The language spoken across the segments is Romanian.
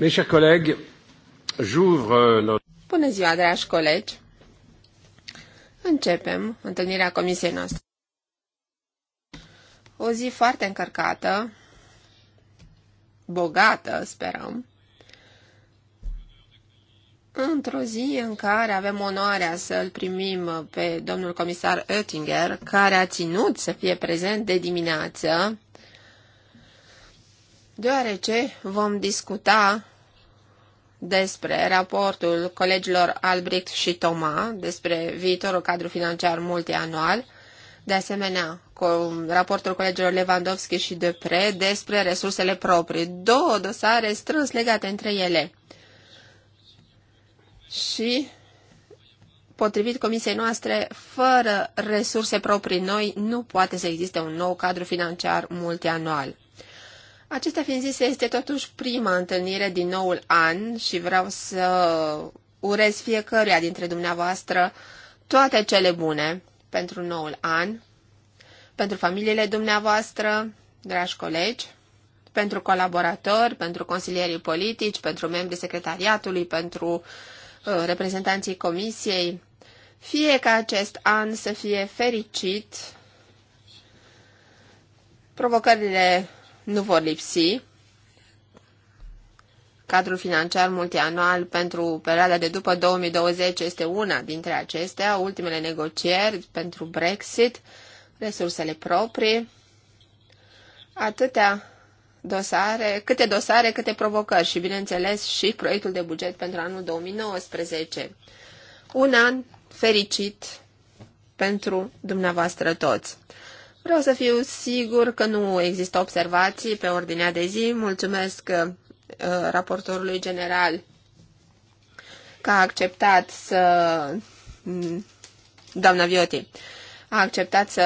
Euh, Bună ziua, dragi colegi! Începem întâlnirea comisiei noastre. O zi foarte încărcată, bogată, sperăm, într-o zi în care avem onoarea să-l primim pe domnul comisar Oettinger, care a ținut să fie prezent de dimineață, deoarece vom discuta despre raportul colegilor Albrecht și Toma despre viitorul cadru financiar multianual, de asemenea cu raportul colegilor Lewandowski și Depre despre resursele proprii, două dosare strâns legate între ele. Și, potrivit comisiei noastre, fără resurse proprii noi nu poate să existe un nou cadru financiar multianual. Acestea fiind zise, este totuși prima întâlnire din noul an și vreau să urez fiecăruia dintre dumneavoastră toate cele bune pentru noul an, pentru familiile dumneavoastră, dragi colegi, pentru colaboratori, pentru consilierii politici, pentru membrii secretariatului, pentru uh, reprezentanții comisiei. Fie ca acest an să fie fericit, provocările nu vor lipsi. Cadrul financiar multianual pentru perioada de după 2020 este una dintre acestea, ultimele negocieri pentru Brexit, resursele proprii, atâtea dosare, câte dosare, câte provocări și, bineînțeles, și proiectul de buget pentru anul 2019. Un an fericit pentru dumneavoastră toți. Vreau să fiu sigur că nu există observații pe ordinea de zi. Mulțumesc uh, raportorului general că a acceptat să... Mm, doamna Vioti, a acceptat să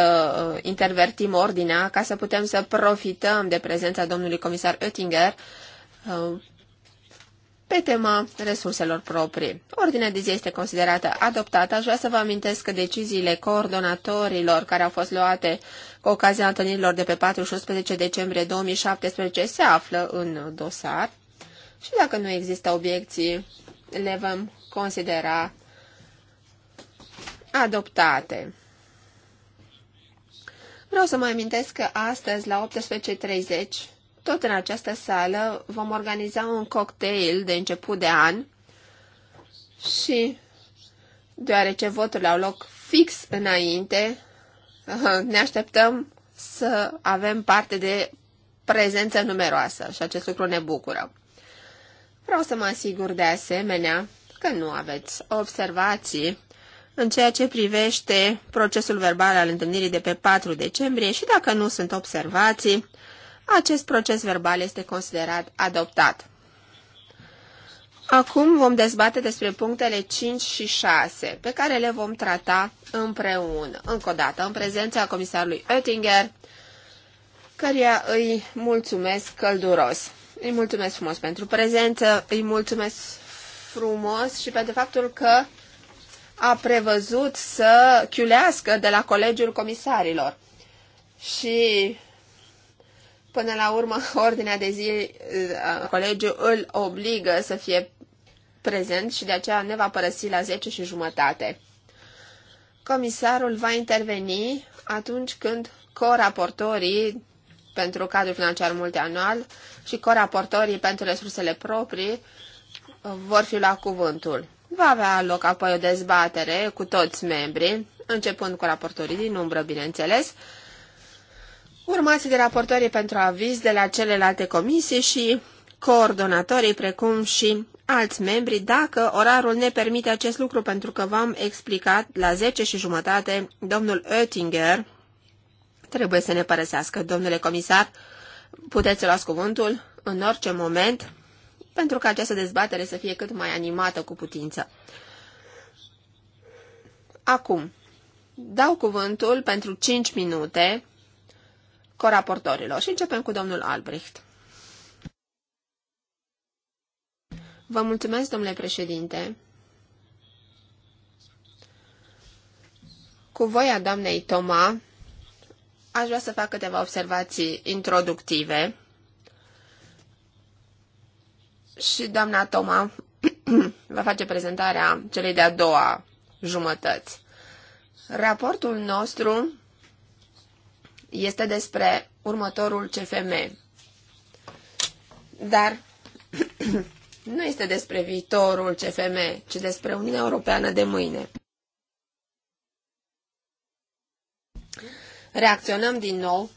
uh, intervertim ordinea ca să putem să profităm de prezența domnului comisar Oettinger uh, pe tema resurselor proprii. Ordinea de zi este considerată adoptată. Aș vrea să vă amintesc că deciziile coordonatorilor care au fost luate cu ocazia întâlnirilor de pe 4 și 11 decembrie 2017 se află în dosar și dacă nu există obiecții, le vom considera adoptate. Vreau să mă amintesc că astăzi la 18.30 tot în această sală vom organiza un cocktail de început de an și, deoarece voturile au loc fix înainte, ne așteptăm să avem parte de prezență numeroasă și acest lucru ne bucură. Vreau să mă asigur de asemenea că nu aveți observații în ceea ce privește procesul verbal al întâlnirii de pe 4 decembrie și dacă nu sunt observații, acest proces verbal este considerat adoptat. Acum vom dezbate despre punctele 5 și 6, pe care le vom trata împreună, încă o dată, în prezența comisarului Oettinger, căruia îi mulțumesc călduros. Îi mulțumesc frumos pentru prezență, îi mulțumesc frumos și pentru faptul că a prevăzut să chiulească de la Colegiul Comisarilor. Și Până la urmă, ordinea de zi, uh, colegiul îl obligă să fie prezent și de aceea ne va părăsi la 10 și jumătate. Comisarul va interveni atunci când coraportorii pentru cadrul financiar multianual și coraportorii pentru resursele proprii uh, vor fi la cuvântul. Va avea loc apoi o dezbatere cu toți membrii, începând cu raportorii din umbră, bineînțeles, urmați de raportorii pentru aviz de la celelalte comisii și coordonatorii, precum și alți membri, dacă orarul ne permite acest lucru, pentru că v-am explicat la 10 și jumătate, domnul Oettinger trebuie să ne părăsească. Domnule comisar, puteți luați cuvântul în orice moment, pentru ca această dezbatere să fie cât mai animată cu putință. Acum, dau cuvântul pentru 5 minute coraportorilor. Și începem cu domnul Albrecht. Vă mulțumesc, domnule președinte. Cu voia doamnei Toma, aș vrea să fac câteva observații introductive. Și doamna Toma va face prezentarea celei de-a doua jumătăți. Raportul nostru este despre următorul CFM. Dar nu este despre viitorul CFM, ci despre Uniunea Europeană de mâine. Reacționăm din nou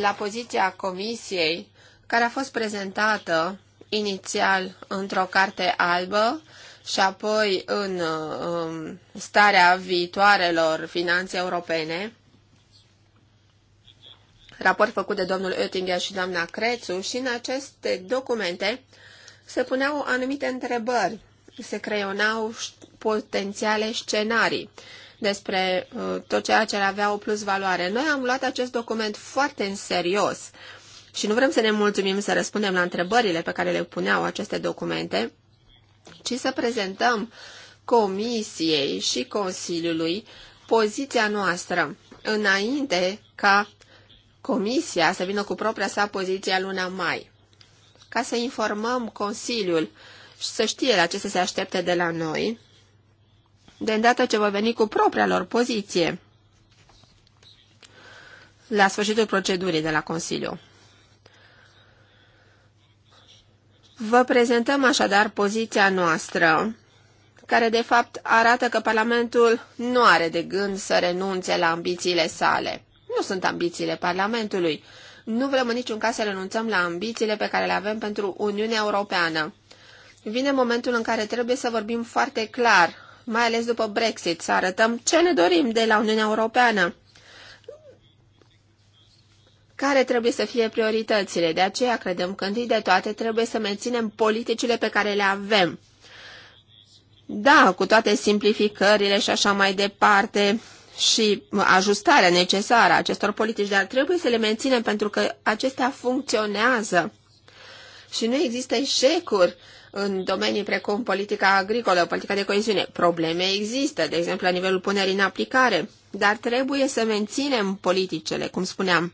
la poziția Comisiei, care a fost prezentată inițial într-o carte albă și apoi în um, starea viitoarelor finanțe europene, raport făcut de domnul Oettinger și doamna Crețu și în aceste documente se puneau anumite întrebări, se creionau potențiale scenarii despre uh, tot ceea ce avea o plus valoare. Noi am luat acest document foarte în serios și nu vrem să ne mulțumim să răspundem la întrebările pe care le puneau aceste documente, ci să prezentăm Comisiei și Consiliului poziția noastră înainte ca Comisia să vină cu propria sa poziție luna mai, ca să informăm Consiliul și să știe la ce să se aștepte de la noi, de îndată ce vor veni cu propria lor poziție la sfârșitul procedurii de la Consiliu. Vă prezentăm așadar poziția noastră, care de fapt arată că Parlamentul nu are de gând să renunțe la ambițiile sale. Nu sunt ambițiile Parlamentului. Nu vrem în niciun caz să renunțăm la ambițiile pe care le avem pentru Uniunea Europeană. Vine momentul în care trebuie să vorbim foarte clar, mai ales după Brexit, să arătăm ce ne dorim de la Uniunea Europeană. Care trebuie să fie prioritățile? De aceea credem că întâi de toate trebuie să menținem politicile pe care le avem. Da, cu toate simplificările și așa mai departe, și ajustarea necesară a acestor politici, dar trebuie să le menținem pentru că acestea funcționează și nu există eșecuri în domenii precum politica agricolă, politica de coeziune. Probleme există, de exemplu, la nivelul punerii în aplicare, dar trebuie să menținem politicele, cum spuneam.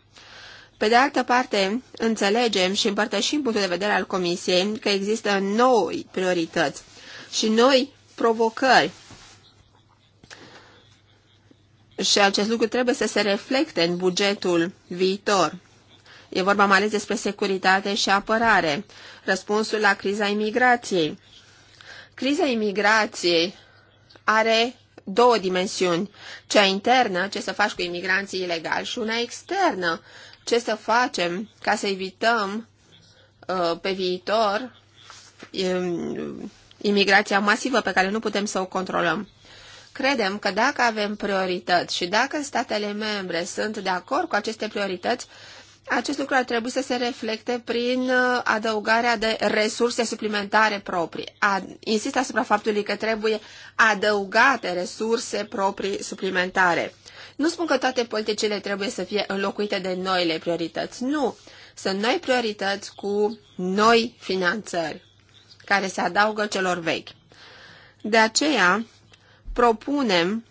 Pe de altă parte, înțelegem și împărtășim punctul de vedere al Comisiei că există noi priorități și noi provocări și acest lucru trebuie să se reflecte în bugetul viitor. E vorba mai ales despre securitate și apărare, răspunsul la criza imigrației. Criza imigrației are două dimensiuni, cea internă, ce să faci cu imigranții ilegali, și una externă, ce să facem ca să evităm uh, pe viitor um, imigrația masivă pe care nu putem să o controlăm. Credem că dacă avem priorități și dacă statele membre sunt de acord cu aceste priorități, acest lucru ar trebui să se reflecte prin uh, adăugarea de resurse suplimentare proprii. Insist asupra faptului că trebuie adăugate resurse proprii suplimentare. Nu spun că toate politicile trebuie să fie înlocuite de noile priorități. Nu. Sunt noi priorități cu noi finanțări care se adaugă celor vechi. De aceea, propunem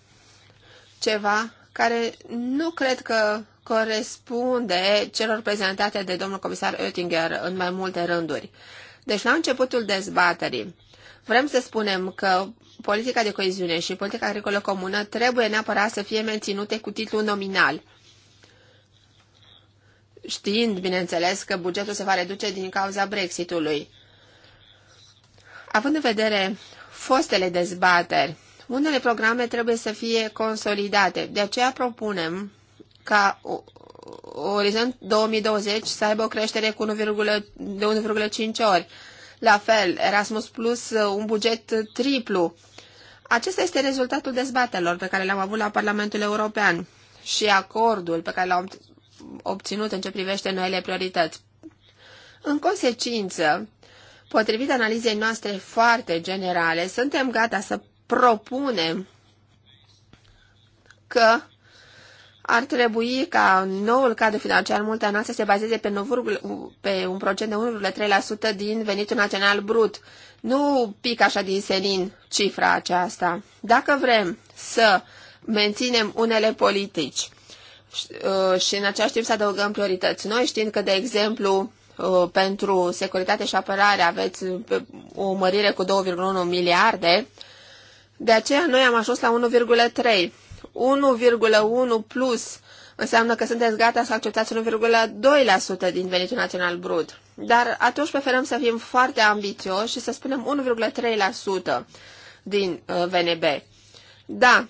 ceva care nu cred că corespunde celor prezentate de domnul comisar Oettinger în mai multe rânduri. Deci, la începutul dezbaterii, vrem să spunem că politica de coeziune și politica agricolă comună trebuie neapărat să fie menținute cu titlu nominal, știind, bineînțeles, că bugetul se va reduce din cauza Brexitului. Având în vedere fostele dezbateri unele programe trebuie să fie consolidate, de aceea propunem ca Orizont 2020 să aibă o creștere cu 1, de 1,5 ori. La fel, Erasmus Plus, un buget triplu. Acesta este rezultatul dezbatelor pe care le-am avut la Parlamentul European și acordul pe care l-am obținut în ce privește noile priorități. În consecință, potrivit analizei noastre foarte generale, suntem gata să propunem că ar trebui ca noul cadru financiar multianual să se bazeze pe, pe un procent de 1,3% din venitul național brut. Nu pic așa din senin cifra aceasta. Dacă vrem să menținem unele politici uh, și în același timp să adăugăm priorități noi, știind că, de exemplu, uh, pentru securitate și apărare aveți uh, o mărire cu 2,1 miliarde, de aceea noi am ajuns la 1,3. 1,1 plus înseamnă că sunteți gata să acceptați 1,2% din venitul național brut. Dar atunci preferăm să fim foarte ambițioși și să spunem 1,3% din uh, VNB. Da,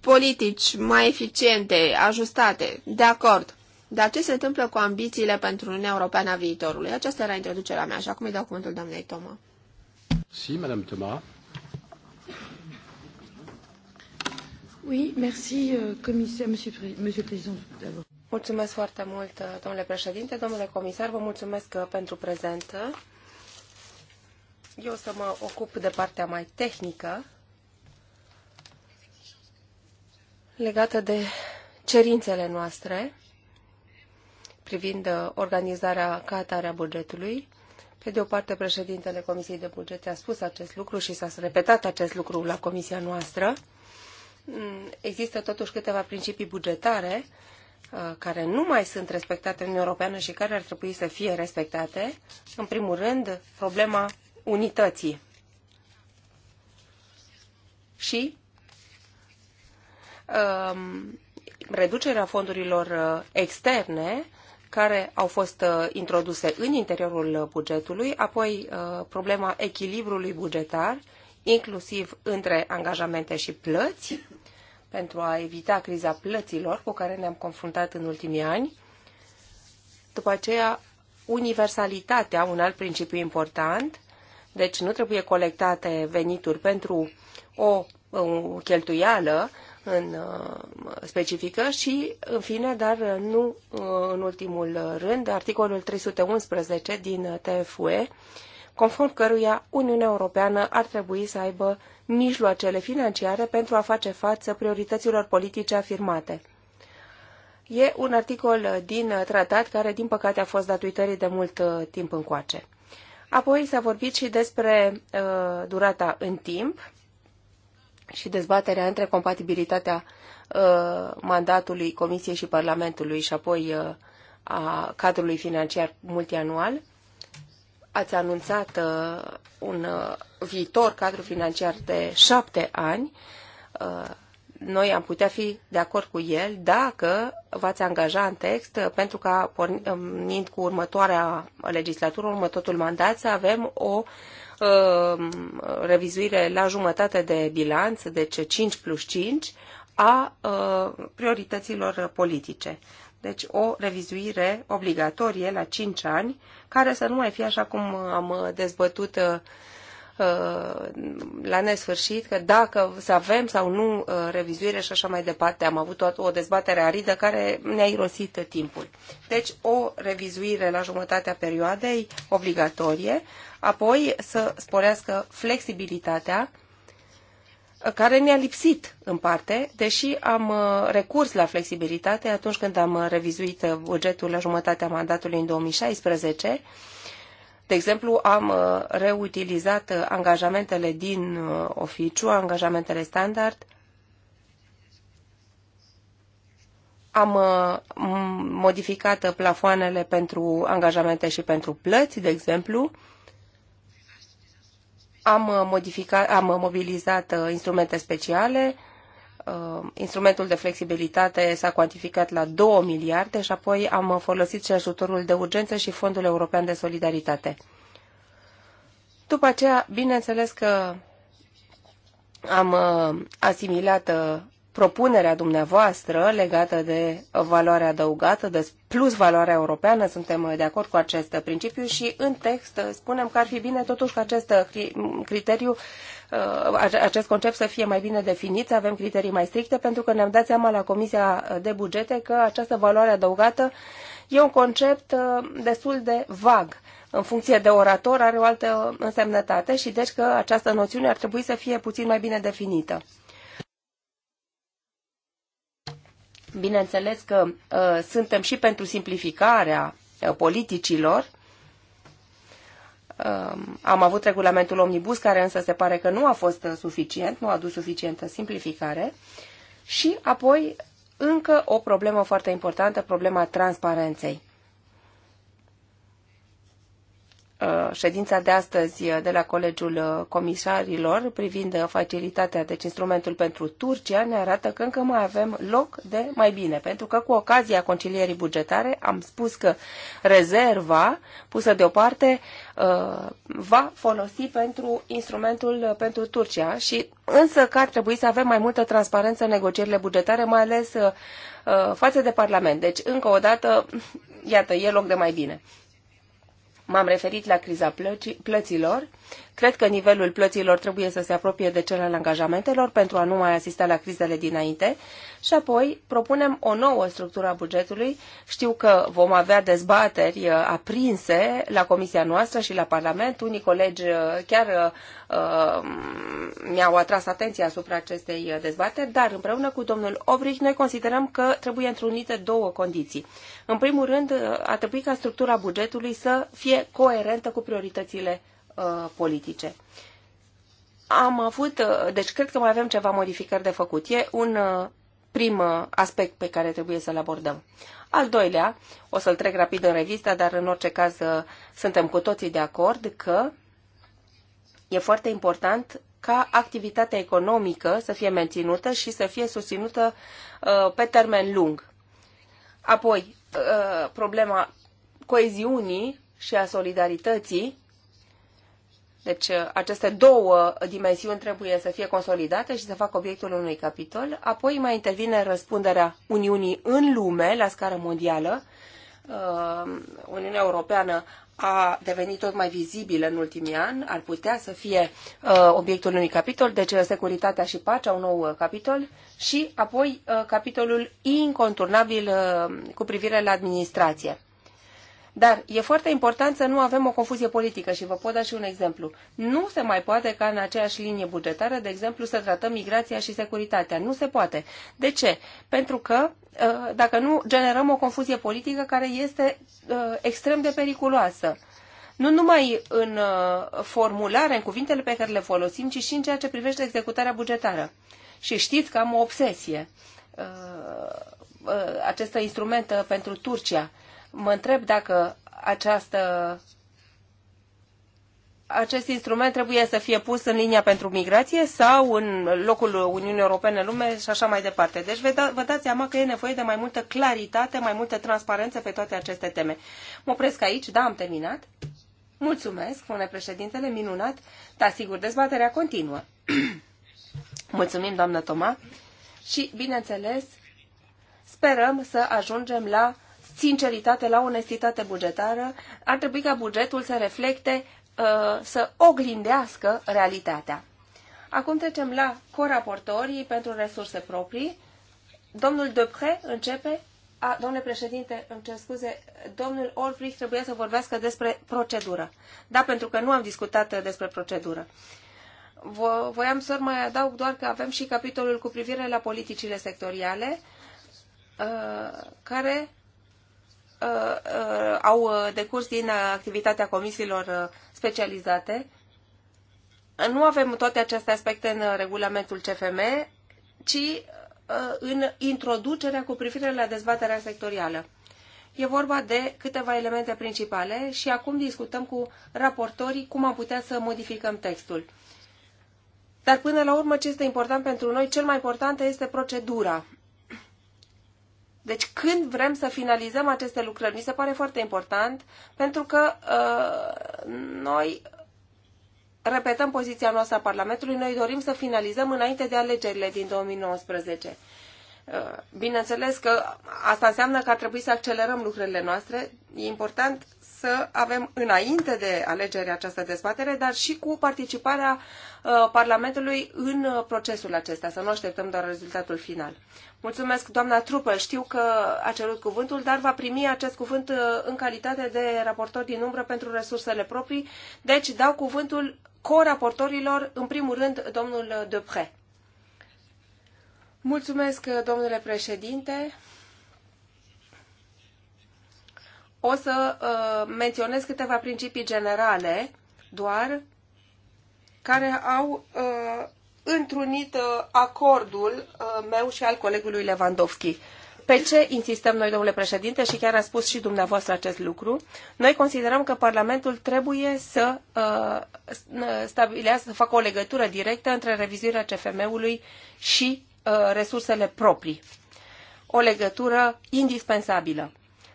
politici mai eficiente, ajustate, de acord. Dar ce se întâmplă cu ambițiile pentru Uniunea Europeană a viitorului? Aceasta era introducerea mea așa acum îi dau cuvântul doamnei Toma. Si, madame Toma. Oui, merci, euh, comisar, monsieur, monsieur président, Mulțumesc foarte mult, uh, domnule președinte, domnule comisar, vă mulțumesc uh, pentru prezentă. Eu o să mă ocup de partea mai tehnică legată de cerințele noastre privind uh, organizarea ca atare a bugetului. Pe de o parte, președintele Comisiei de Bugete a spus acest lucru și s-a repetat acest lucru la comisia noastră există totuși câteva principii bugetare uh, care nu mai sunt respectate în Uniunea Europeană și care ar trebui să fie respectate. În primul rând, problema unității. Și um, reducerea fondurilor uh, externe care au fost uh, introduse în interiorul bugetului, apoi problema echilibrului bugetar inclusiv între angajamente și plăți, pentru a evita criza plăților cu care ne-am confruntat în ultimii ani. După aceea, universalitatea, un alt principiu important, deci nu trebuie colectate venituri pentru o, o cheltuială în uh, specifică și, în fine, dar nu uh, în ultimul rând, articolul 311 din TFUE, conform căruia Uniunea Europeană ar trebui să aibă mijloacele financiare pentru a face față priorităților politice afirmate. E un articol din tratat care, din păcate, a fost dat uitării de mult uh, timp încoace. Apoi s-a vorbit și despre uh, durata în timp și dezbaterea între compatibilitatea uh, mandatului Comisiei și Parlamentului și apoi uh, a cadrului financiar multianual ați anunțat uh, un uh, viitor cadru financiar de șapte ani. Uh, noi am putea fi de acord cu el dacă v-ați angaja în text pentru ca, pornind cu următoarea legislatură, următorul mandat, să avem o revizuire la jumătate de bilanț, deci 5 plus 5, a priorităților politice. Deci o revizuire obligatorie la 5 ani, care să nu mai fie așa cum am dezbătut uh, uh, la nesfârșit, că dacă să avem sau nu uh, revizuire și așa mai departe. Am avut o dezbatere aridă care ne-a irosit timpul. Deci o revizuire la jumătatea perioadei obligatorie, apoi să sporească flexibilitatea care ne-a lipsit în parte, deși am uh, recurs la flexibilitate atunci când am uh, revizuit uh, bugetul la jumătatea mandatului în 2016. De exemplu, am reutilizat angajamentele din oficiu, angajamentele standard, am modificat plafoanele pentru angajamente și pentru plăți, de exemplu, am, uh, modificat, am uh, mobilizat uh, instrumente speciale, instrumentul de flexibilitate s-a cuantificat la 2 miliarde și apoi am folosit și ajutorul de urgență și Fondul European de Solidaritate. După aceea, bineînțeles că am asimilat propunerea dumneavoastră legată de valoarea adăugată, de plus valoarea europeană, suntem de acord cu acest principiu și în text spunem că ar fi bine totuși că acest criteriu, uh, acest concept să fie mai bine definit, să avem criterii mai stricte, pentru că ne-am dat seama la Comisia de Bugete că această valoare adăugată e un concept uh, destul de vag în funcție de orator, are o altă însemnătate și deci că această noțiune ar trebui să fie puțin mai bine definită. Bineînțeles că uh, suntem și pentru simplificarea uh, politicilor. Uh, am avut regulamentul omnibus, care însă se pare că nu a fost uh, suficient, nu a dus suficientă simplificare. Și apoi încă o problemă foarte importantă, problema transparenței. Uh, ședința de astăzi uh, de la Colegiul uh, Comisarilor privind facilitatea, deci instrumentul pentru Turcia, ne arată că încă mai avem loc de mai bine, pentru că cu ocazia concilierii bugetare am spus că rezerva pusă deoparte va folosi pentru instrumentul pentru Turcia și însă că ar trebui să avem mai multă transparență în negocierile bugetare, mai ales față de Parlament. Deci, încă o dată, iată, e loc de mai bine. M-am referit la criza plăților Cred că nivelul plăților trebuie să se apropie de cel al angajamentelor pentru a nu mai asista la crizele dinainte și apoi propunem o nouă structură a bugetului. Știu că vom avea dezbateri uh, aprinse la comisia noastră și la Parlament. Unii colegi uh, chiar uh, um, mi-au atras atenția asupra acestei uh, dezbateri, dar împreună cu domnul Obrich noi considerăm că trebuie întrunite două condiții. În primul rând, a trebui ca structura bugetului să fie coerentă cu prioritățile uh, politice. Am avut, uh, deci cred că mai avem ceva modificări de făcut. E un uh, prim uh, aspect pe care trebuie să-l abordăm. Al doilea, o să-l trec rapid în revistă, dar în orice caz uh, suntem cu toții de acord că e foarte important ca activitatea economică să fie menținută și să fie susținută uh, pe termen lung. Apoi, problema coeziunii și a solidarității deci uh, aceste două dimensiuni trebuie să fie consolidate și să facă obiectul unui capitol. Apoi mai intervine răspunderea Uniunii în lume, la scară mondială. Uh, Uniunea Europeană a devenit tot mai vizibilă în ultimii ani, ar putea să fie uh, obiectul unui capitol, deci securitatea și pacea, un nou capitol, și apoi capitolul inconturnabil cu privire la administrație. Dar e foarte important să nu avem o confuzie politică și vă pot da și un exemplu. Nu se mai poate ca în aceeași linie bugetară, de exemplu, să tratăm migrația și securitatea. Nu se poate. De ce? Pentru că ă, dacă nu generăm o confuzie politică care este ă, extrem de periculoasă nu numai în ă, formulare, în cuvintele pe care le folosim, ci și în ceea ce privește executarea bugetară. Și știți că am o obsesie. Acest instrument pentru Turcia. Mă întreb dacă această acest instrument trebuie să fie pus în linia pentru migrație sau în locul Uniunii Europene în lume și așa mai departe. Deci vă, da, vă dați seama că e nevoie de mai multă claritate, mai multă transparență pe toate aceste teme. Mă opresc aici, da, am terminat. Mulțumesc, spune președintele, minunat, dar sigur, dezbaterea continuă. Mulțumim, doamnă Toma, și, bineînțeles, sperăm să ajungem la sinceritate, la onestitate bugetară, ar trebui ca bugetul să reflecte, uh, să oglindească realitatea. Acum trecem la coraportorii pentru resurse proprii. Domnul Depre începe. A, domnule președinte, îmi cer scuze, domnul Olbrich trebuia să vorbească despre procedură. Da, pentru că nu am discutat despre procedură. Voiam să mai adaug doar că avem și capitolul cu privire la politicile sectoriale, uh, care Uh, uh, au uh, decurs din activitatea comisiilor specializate. Nu avem toate aceste aspecte în regulamentul CFM, ci în introducerea cu privire la dezbaterea sectorială. E vorba de câteva elemente principale și acum discutăm cu raportorii cum am putea să modificăm textul. Dar până la urmă ce este important pentru noi, cel mai important este procedura deci când vrem să finalizăm aceste lucrări, mi se pare foarte important, pentru că uh, noi repetăm poziția noastră a Parlamentului, noi dorim să finalizăm înainte de alegerile din 2019. Uh, bineînțeles că asta înseamnă că ar trebui să accelerăm lucrurile noastre. E important să avem înainte de alegeri această dezbatere, dar și cu participarea uh, Parlamentului în uh, procesul acesta, să nu așteptăm doar rezultatul final. Mulțumesc, doamna Trupă, știu că a cerut cuvântul, dar va primi acest cuvânt uh, în calitate de raportor din umbră pentru resursele proprii, deci dau cuvântul co-raportorilor, în primul rând, domnul Depre. Mulțumesc, domnule președinte. O să uh, menționez câteva principii generale, doar, care au uh, întrunit uh, acordul uh, meu și al colegului Lewandowski. Pe ce insistăm noi, domnule președinte, și chiar a spus și dumneavoastră acest lucru, noi considerăm că Parlamentul trebuie să uh, stabilească, să facă o legătură directă între revizuirea CFM-ului și uh, resursele proprii. O legătură indispensabilă.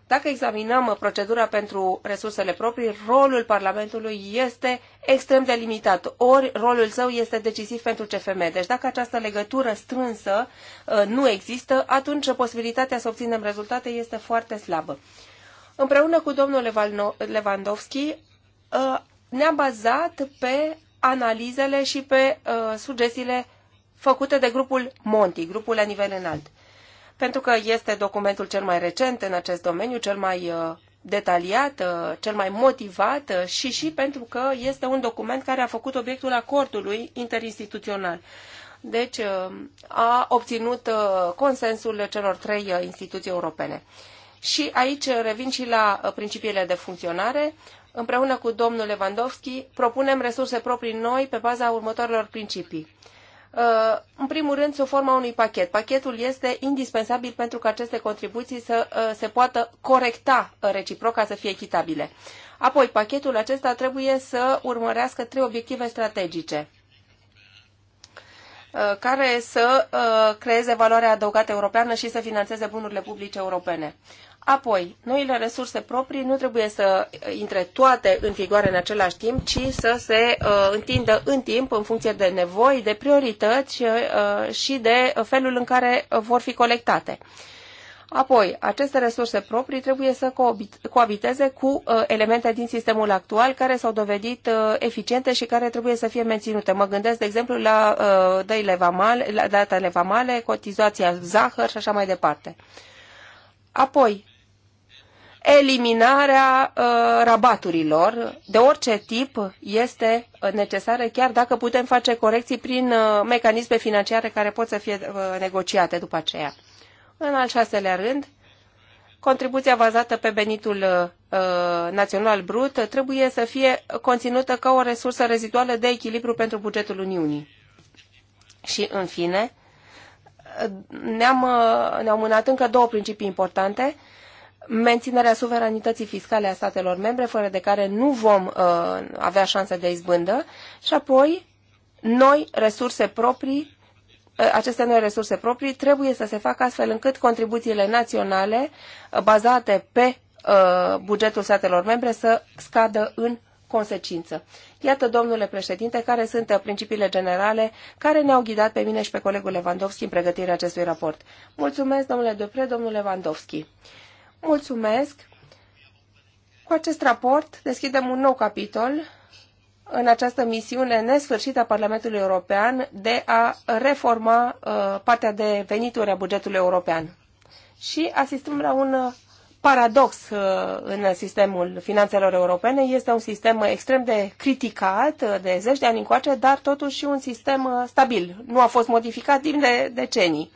Dacă examinăm procedura pentru resursele proprii, rolul Parlamentului este extrem de limitat, ori rolul său este decisiv pentru CFM. Deci dacă această legătură strânsă uh, nu există, atunci posibilitatea să obținem rezultate este foarte slabă. Împreună cu domnul Lewandowski uh, ne-am bazat pe analizele și pe uh, sugestiile făcute de grupul Monti, grupul la nivel înalt pentru că este documentul cel mai recent în acest domeniu, cel mai uh, detaliat, uh, cel mai motivat uh, și și pentru că este un document care a făcut obiectul acordului interinstituțional. Deci a obținut consensul celor trei instituții europene. Și aici revin și la principiile de funcționare. Împreună cu domnul Lewandowski propunem resurse proprii noi pe baza următoarelor principii Uh, în primul rând, sub forma unui pachet. Pachetul este indispensabil pentru ca aceste contribuții să uh, se poată corecta uh, reciproc ca să fie echitabile. Apoi, pachetul acesta trebuie să urmărească trei obiective strategice care să creeze valoarea adăugată europeană și să financeze bunurile publice europene. Apoi, noile resurse proprii nu trebuie să intre toate în vigoare în același timp, ci să se uh, întindă în timp în funcție de nevoi, de priorități uh, și de felul în care vor fi colectate. Apoi, aceste resurse proprii trebuie să coabiteze cu uh, elemente din sistemul actual care s-au dovedit uh, eficiente și care trebuie să fie menținute. Mă gândesc, de exemplu, la uh, dăile vamale, la datele vamale, cotizația zahăr și așa mai departe. Apoi, eliminarea uh, rabaturilor de orice tip este necesară, chiar dacă putem face corecții prin uh, mecanisme financiare care pot să fie uh, negociate după aceea. În al șaselea rând, contribuția bazată pe venitul uh, național brut trebuie să fie conținută ca o resursă reziduală de echilibru pentru bugetul Uniunii. Și, în fine, ne-am, uh, ne-au mânat încă două principii importante – menținerea suveranității fiscale a statelor membre, fără de care nu vom uh, avea șanse de izbândă, și apoi noi resurse proprii uh, aceste noi resurse proprii trebuie să se facă astfel încât contribuțiile naționale uh, bazate pe uh, bugetul statelor membre să scadă în consecință. Iată, domnule președinte, care sunt principiile generale care ne-au ghidat pe mine și pe colegul Lewandowski în pregătirea acestui raport. Mulțumesc, domnule Dupre, domnule Lewandowski. Mulțumesc! Cu acest raport deschidem un nou capitol în această misiune nesfârșită a Parlamentului European de a reforma uh, partea de venituri a bugetului european. Și asistăm la un paradox uh, în sistemul finanțelor europene. Este un sistem extrem de criticat uh, de zeci de ani încoace, dar totuși un sistem uh, stabil. Nu a fost modificat timp de decenii.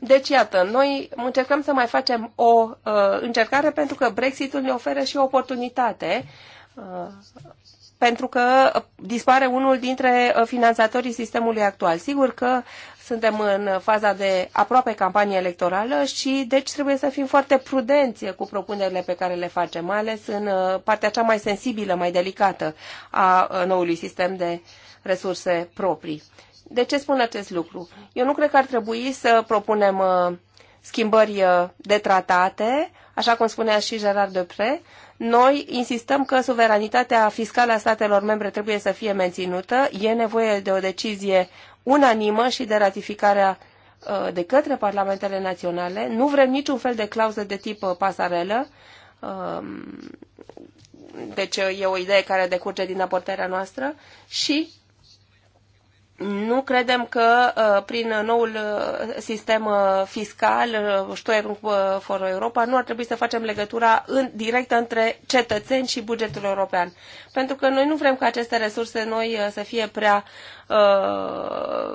Deci, iată, noi încercăm să mai facem o uh, încercare pentru că Brexitul ne oferă și o oportunitate uh, pentru că dispare unul dintre uh, finanțatorii sistemului actual. Sigur că suntem în faza de aproape campanie electorală și deci trebuie să fim foarte prudenți cu propunerile pe care le facem, mai ales în uh, partea cea mai sensibilă, mai delicată a uh, noului sistem de resurse proprii. De ce spun acest lucru? Eu nu cred că ar trebui să propunem uh, schimbări uh, de tratate, așa cum spunea și Gerard Depre. Noi insistăm că suveranitatea fiscală a statelor membre trebuie să fie menținută. E nevoie de o decizie unanimă și de ratificarea uh, de către parlamentele naționale. Nu vrem niciun fel de clauză de tip pasarelă. Um, deci e o idee care decurge din aportarea noastră și nu credem că uh, prin noul uh, sistem uh, fiscal, Steuerung for Europa, nu ar trebui să facem legătura în, directă între cetățeni și bugetul european. Pentru că noi nu vrem ca aceste resurse noi să fie prea uh,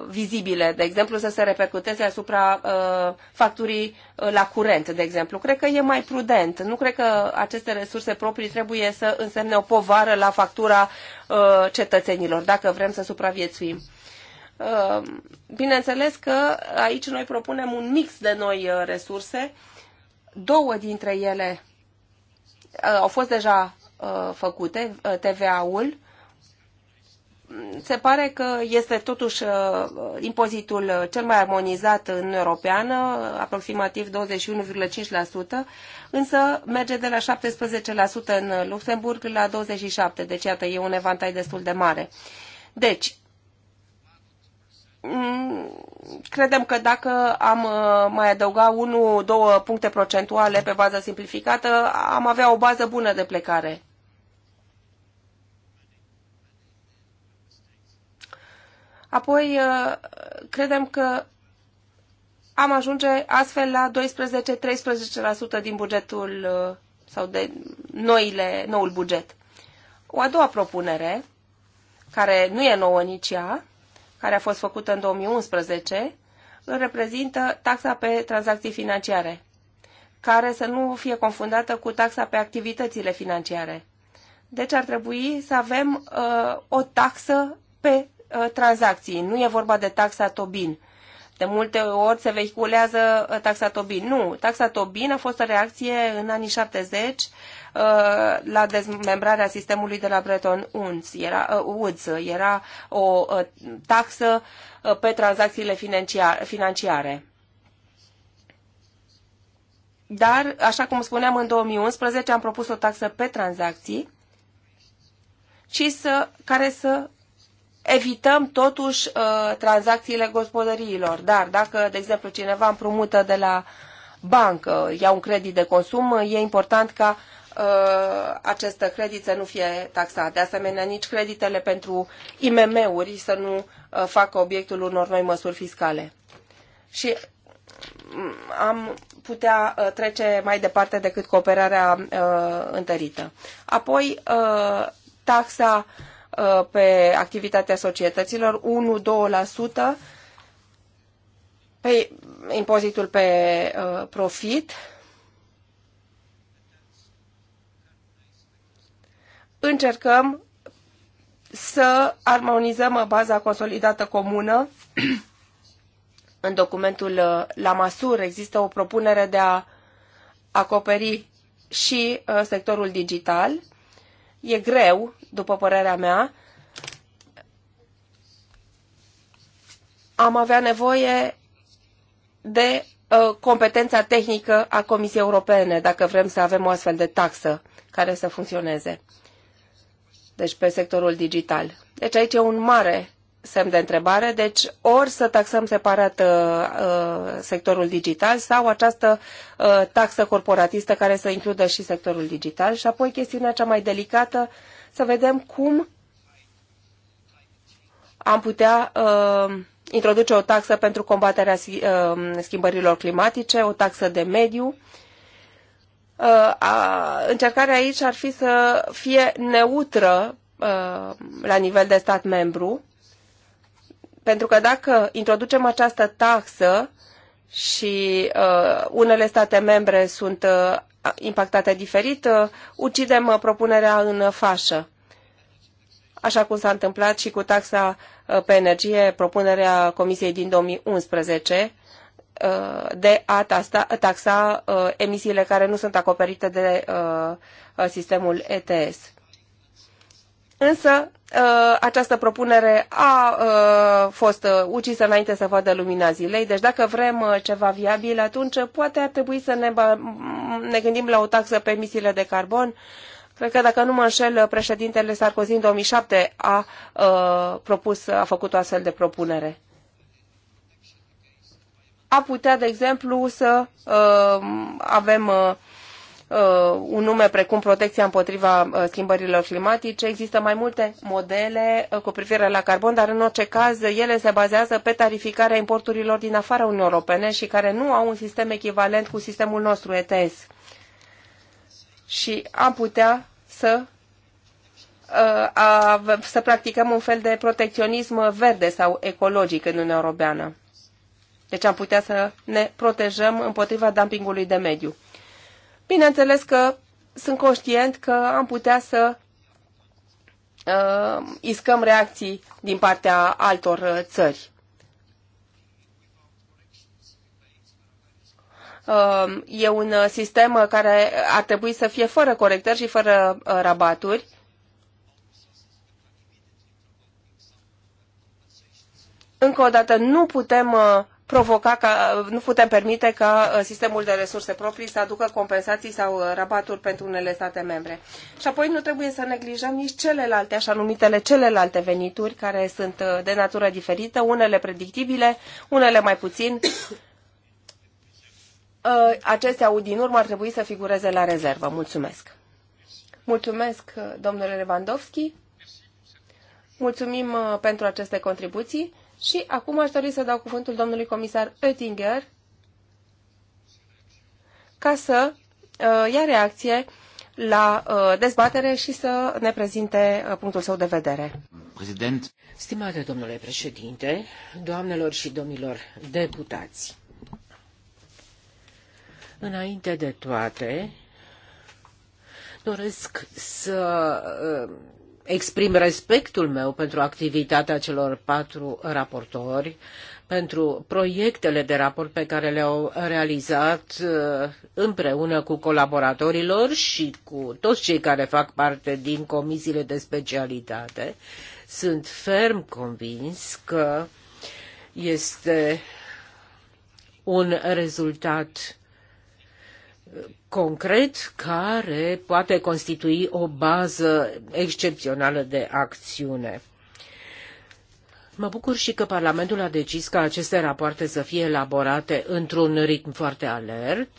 vizibile, de exemplu să se repercuteze asupra uh, facturii la curent, de exemplu. Cred că e mai prudent. Nu cred că aceste resurse proprii trebuie să însemne o povară la factura uh, cetățenilor, dacă vrem să supraviețuim. Uh, bineînțeles că aici noi propunem un mix de noi uh, resurse. Două dintre ele uh, au fost deja făcute, TVA-ul. Se pare că este totuși impozitul cel mai armonizat în Europeană, aproximativ 21,5%, însă merge de la 17% în Luxemburg la 27%, deci iată, e un evantai destul de mare. Deci, Mm, credem că dacă am uh, mai adăuga 1 2 puncte procentuale pe bază simplificată, am avea o bază bună de plecare. Apoi, uh, credem că am ajunge astfel la 12-13% din bugetul uh, sau de noile, noul buget. O a doua propunere, care nu e nouă nici ea, care a fost făcută în 2011, reprezintă taxa pe tranzacții financiare, care să nu fie confundată cu taxa pe activitățile financiare. Deci ar trebui să avem uh, o taxă pe uh, tranzacții. Nu e vorba de taxa Tobin. De multe ori se vehiculează uh, taxa Tobin. Nu, taxa Tobin a fost o reacție în anii 70 uh, la dezmembrarea sistemului de la Bretton Woods. Era, uh, Woods, era o taxă pe tranzacțiile financiare. Dar, așa cum spuneam, în 2011 am propus o taxă pe tranzacții și să, care să evităm totuși uh, tranzacțiile gospodăriilor. Dar dacă, de exemplu, cineva împrumută de la bancă, ia un credit de consum, e important ca uh, acest credit să nu fie taxat. De asemenea, nici creditele pentru IMM-uri să nu uh, facă obiectul unor noi măsuri fiscale. Și mm, am putea uh, trece mai departe decât cooperarea uh, întărită. Apoi, uh, taxa uh, Uh, pe activitatea societăților, 1-2% pe impozitul pe uh, profit. Încercăm să armonizăm baza consolidată comună. În documentul uh, la masur există o propunere de a acoperi și sectorul digital E greu, după părerea mea. Am avea nevoie de ă, competența tehnică a Comisiei Europene, dacă vrem să avem o astfel de taxă care să funcționeze. Deci pe sectorul digital. Deci aici e un mare semn de întrebare, deci ori să taxăm separat uh, uh, sectorul digital sau această uh, taxă corporatistă care să includă și sectorul digital și apoi chestiunea cea mai delicată, să vedem cum am putea uh, introduce o taxă pentru combaterea uh, schimbărilor climatice, o taxă de mediu. Uh, încercarea aici ar fi să fie neutră la nivel de stat membru, pentru că dacă introducem această taxă și uh, unele state membre sunt uh, impactate diferit, uh, ucidem uh, propunerea în uh, fașă. Așa cum s-a întâmplat și cu taxa uh, pe energie, propunerea Comisiei din 2011, uh, de a taxa uh, emisiile care nu sunt acoperite de uh, sistemul ETS însă uh, această propunere a uh, fost uh, ucisă înainte să vadă lumina zilei, deci dacă vrem ceva viabil, atunci poate ar trebui să ne, ne gândim la o taxă pe emisiile de carbon. Cred că, dacă nu mă înșel, președintele Sarkozy în 2007 a, a propus, a făcut o astfel de propunere a putea, de exemplu, să avem Uh, un nume precum protecția împotriva uh, schimbărilor climatice. Există mai multe modele uh, cu privire la carbon, dar în orice caz ele se bazează pe tarificarea importurilor din afara Uniunii Europene și care nu au un sistem echivalent cu sistemul nostru ETS. Și am putea să a, să practicăm un fel de protecționism verde sau ecologic în Uniunea Europeană. Deci am putea să ne protejăm împotriva dumpingului de mediu. Bineînțeles că sunt conștient că am putea să uh, iscăm reacții din partea altor uh, țări. Uh, e un uh, sistem uh, care ar trebui să fie fără corectări și fără uh, rabaturi. Încă o dată, nu putem uh, provoca ca, nu putem permite ca uh, sistemul de resurse proprii să aducă compensații sau uh, rabaturi pentru unele state membre. Și apoi nu trebuie să neglijăm nici celelalte, așa numitele celelalte venituri, care sunt uh, de natură diferită, unele predictibile, unele mai puțin. Acestea, din urmă, ar trebui să figureze la rezervă. Mulțumesc! Mulțumesc, domnule Lewandowski! Mulțumim pentru aceste contribuții. Și acum aș dori să dau cuvântul domnului comisar Oettinger ca să uh, ia reacție la uh, dezbatere și să ne prezinte uh, punctul său de vedere. Prezident. Stimate domnule președinte, doamnelor și domnilor deputați, înainte de toate, doresc să uh, exprim respectul meu pentru activitatea celor patru raportori, pentru proiectele de raport pe care le-au realizat uh, împreună cu colaboratorilor și cu toți cei care fac parte din comisiile de specialitate. Sunt ferm convins că este un rezultat concret care poate constitui o bază excepțională de acțiune. Mă bucur și că Parlamentul a decis ca aceste rapoarte să fie elaborate într-un ritm foarte alert.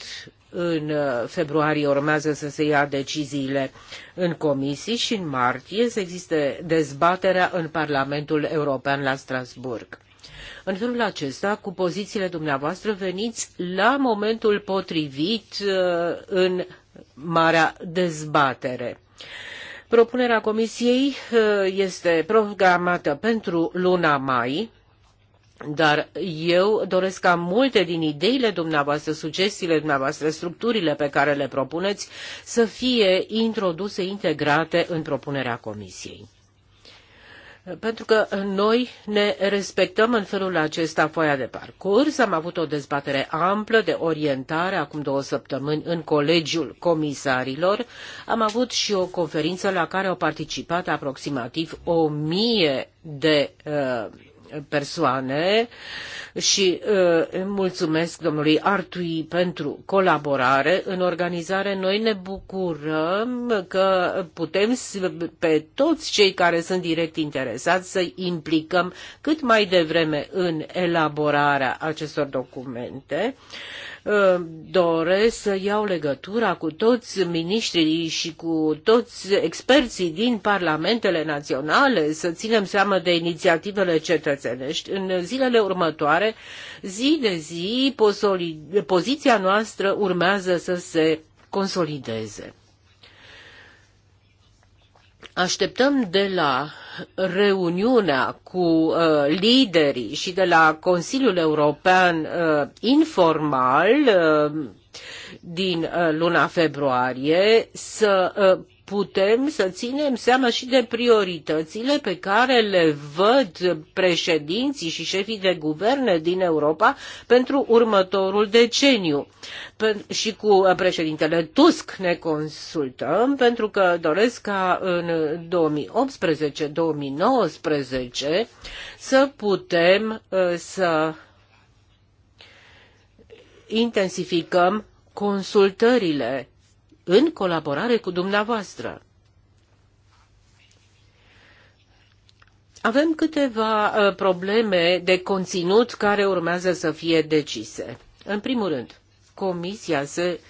În februarie urmează să se ia deciziile în comisii și în martie să existe dezbaterea în Parlamentul European la Strasburg. În felul acesta, cu pozițiile dumneavoastră, veniți la momentul potrivit uh, în marea dezbatere. Propunerea Comisiei uh, este programată pentru luna mai, dar eu doresc ca multe din ideile dumneavoastră, sugestiile dumneavoastră, structurile pe care le propuneți să fie introduse, integrate în propunerea Comisiei. Pentru că noi ne respectăm în felul acesta foaia de parcurs. Am avut o dezbatere amplă de orientare acum două săptămâni în Colegiul Comisarilor. Am avut și o conferință la care au participat aproximativ o mie de uh, persoane și uh, mulțumesc domnului Artui pentru colaborare în organizare. Noi ne bucurăm că putem pe toți cei care sunt direct interesați să implicăm cât mai devreme în elaborarea acestor documente. Uh, Uh, doresc să iau legătura cu toți miniștrii și cu toți experții din parlamentele naționale, să ținem seama de inițiativele cetățenești. În zilele următoare, zi de zi, poziția noastră urmează să se consolideze. Așteptăm de la reuniunea cu uh, liderii și de la Consiliul European uh, informal uh, din uh, luna februarie să uh, putem să ținem seama și de prioritățile pe care le văd președinții și șefii de guverne din Europa pentru următorul deceniu. Și cu președintele Tusk ne consultăm pentru că doresc ca în 2018-2019 să putem uh, să intensificăm consultările în colaborare cu dumneavoastră. Avem câteva ă, probleme de conținut care urmează să fie decise. În primul rând, Comisia se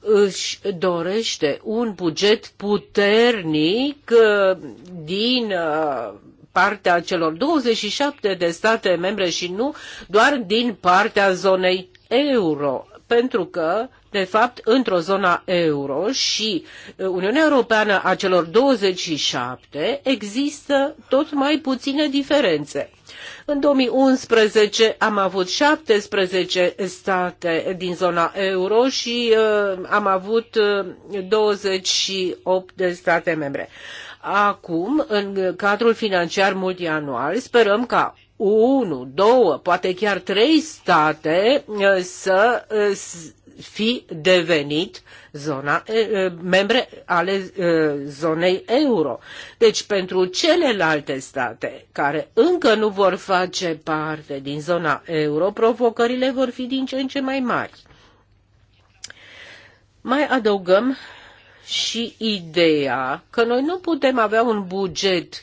își dorește un buget puternic ă, din ă, partea celor 27 de state membre și nu doar din partea zonei euro, pentru că de fapt, într-o zona euro și uh, Uniunea Europeană a celor 27 există tot mai puține diferențe. În 2011 am avut 17 state din zona euro și uh, am avut 28 uh, de state membre. Acum, în cadrul financiar multianual, sperăm ca unu, două, poate chiar trei state uh, să fi devenit zona, membre ale zonei euro. Deci pentru celelalte state care încă nu vor face parte din zona euro, provocările vor fi din ce în ce mai mari. Mai adăugăm și ideea că noi nu putem avea un buget uh,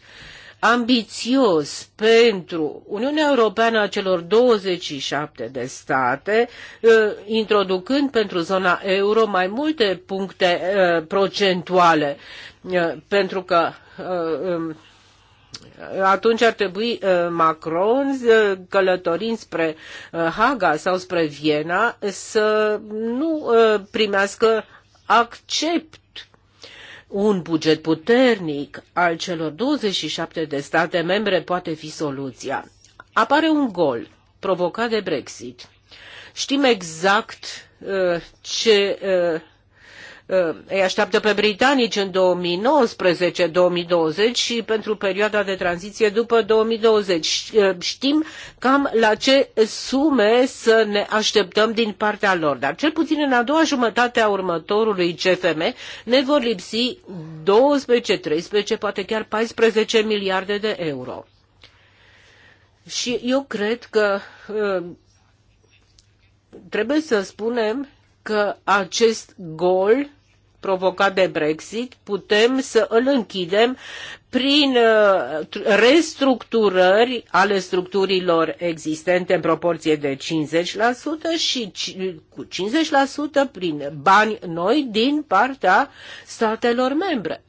ambițios pentru Uniunea Europeană a celor 27 de state, uh, introducând pentru zona euro mai multe puncte uh, procentuale, uh, pentru că um, atunci ar trebui Macron, călătorind spre Haga sau spre Viena, să nu primească accept un buget puternic al celor 27 de state membre poate fi soluția. Apare un gol provocat de Brexit. Știm exact uh, ce uh, Uh, îi așteaptă pe britanici în 2019-2020 și pentru perioada de tranziție după 2020. Uh, știm cam la ce sume să ne așteptăm din partea lor, dar cel puțin în a doua jumătate a următorului CFM ne vor lipsi 12, 13, poate chiar 14 miliarde de euro. Și eu cred că uh, trebuie să spunem că acest gol provocat de Brexit, putem să îl închidem prin uh, restructurări ale structurilor existente în proporție de 50% și cu 50% prin bani noi din partea statelor membre.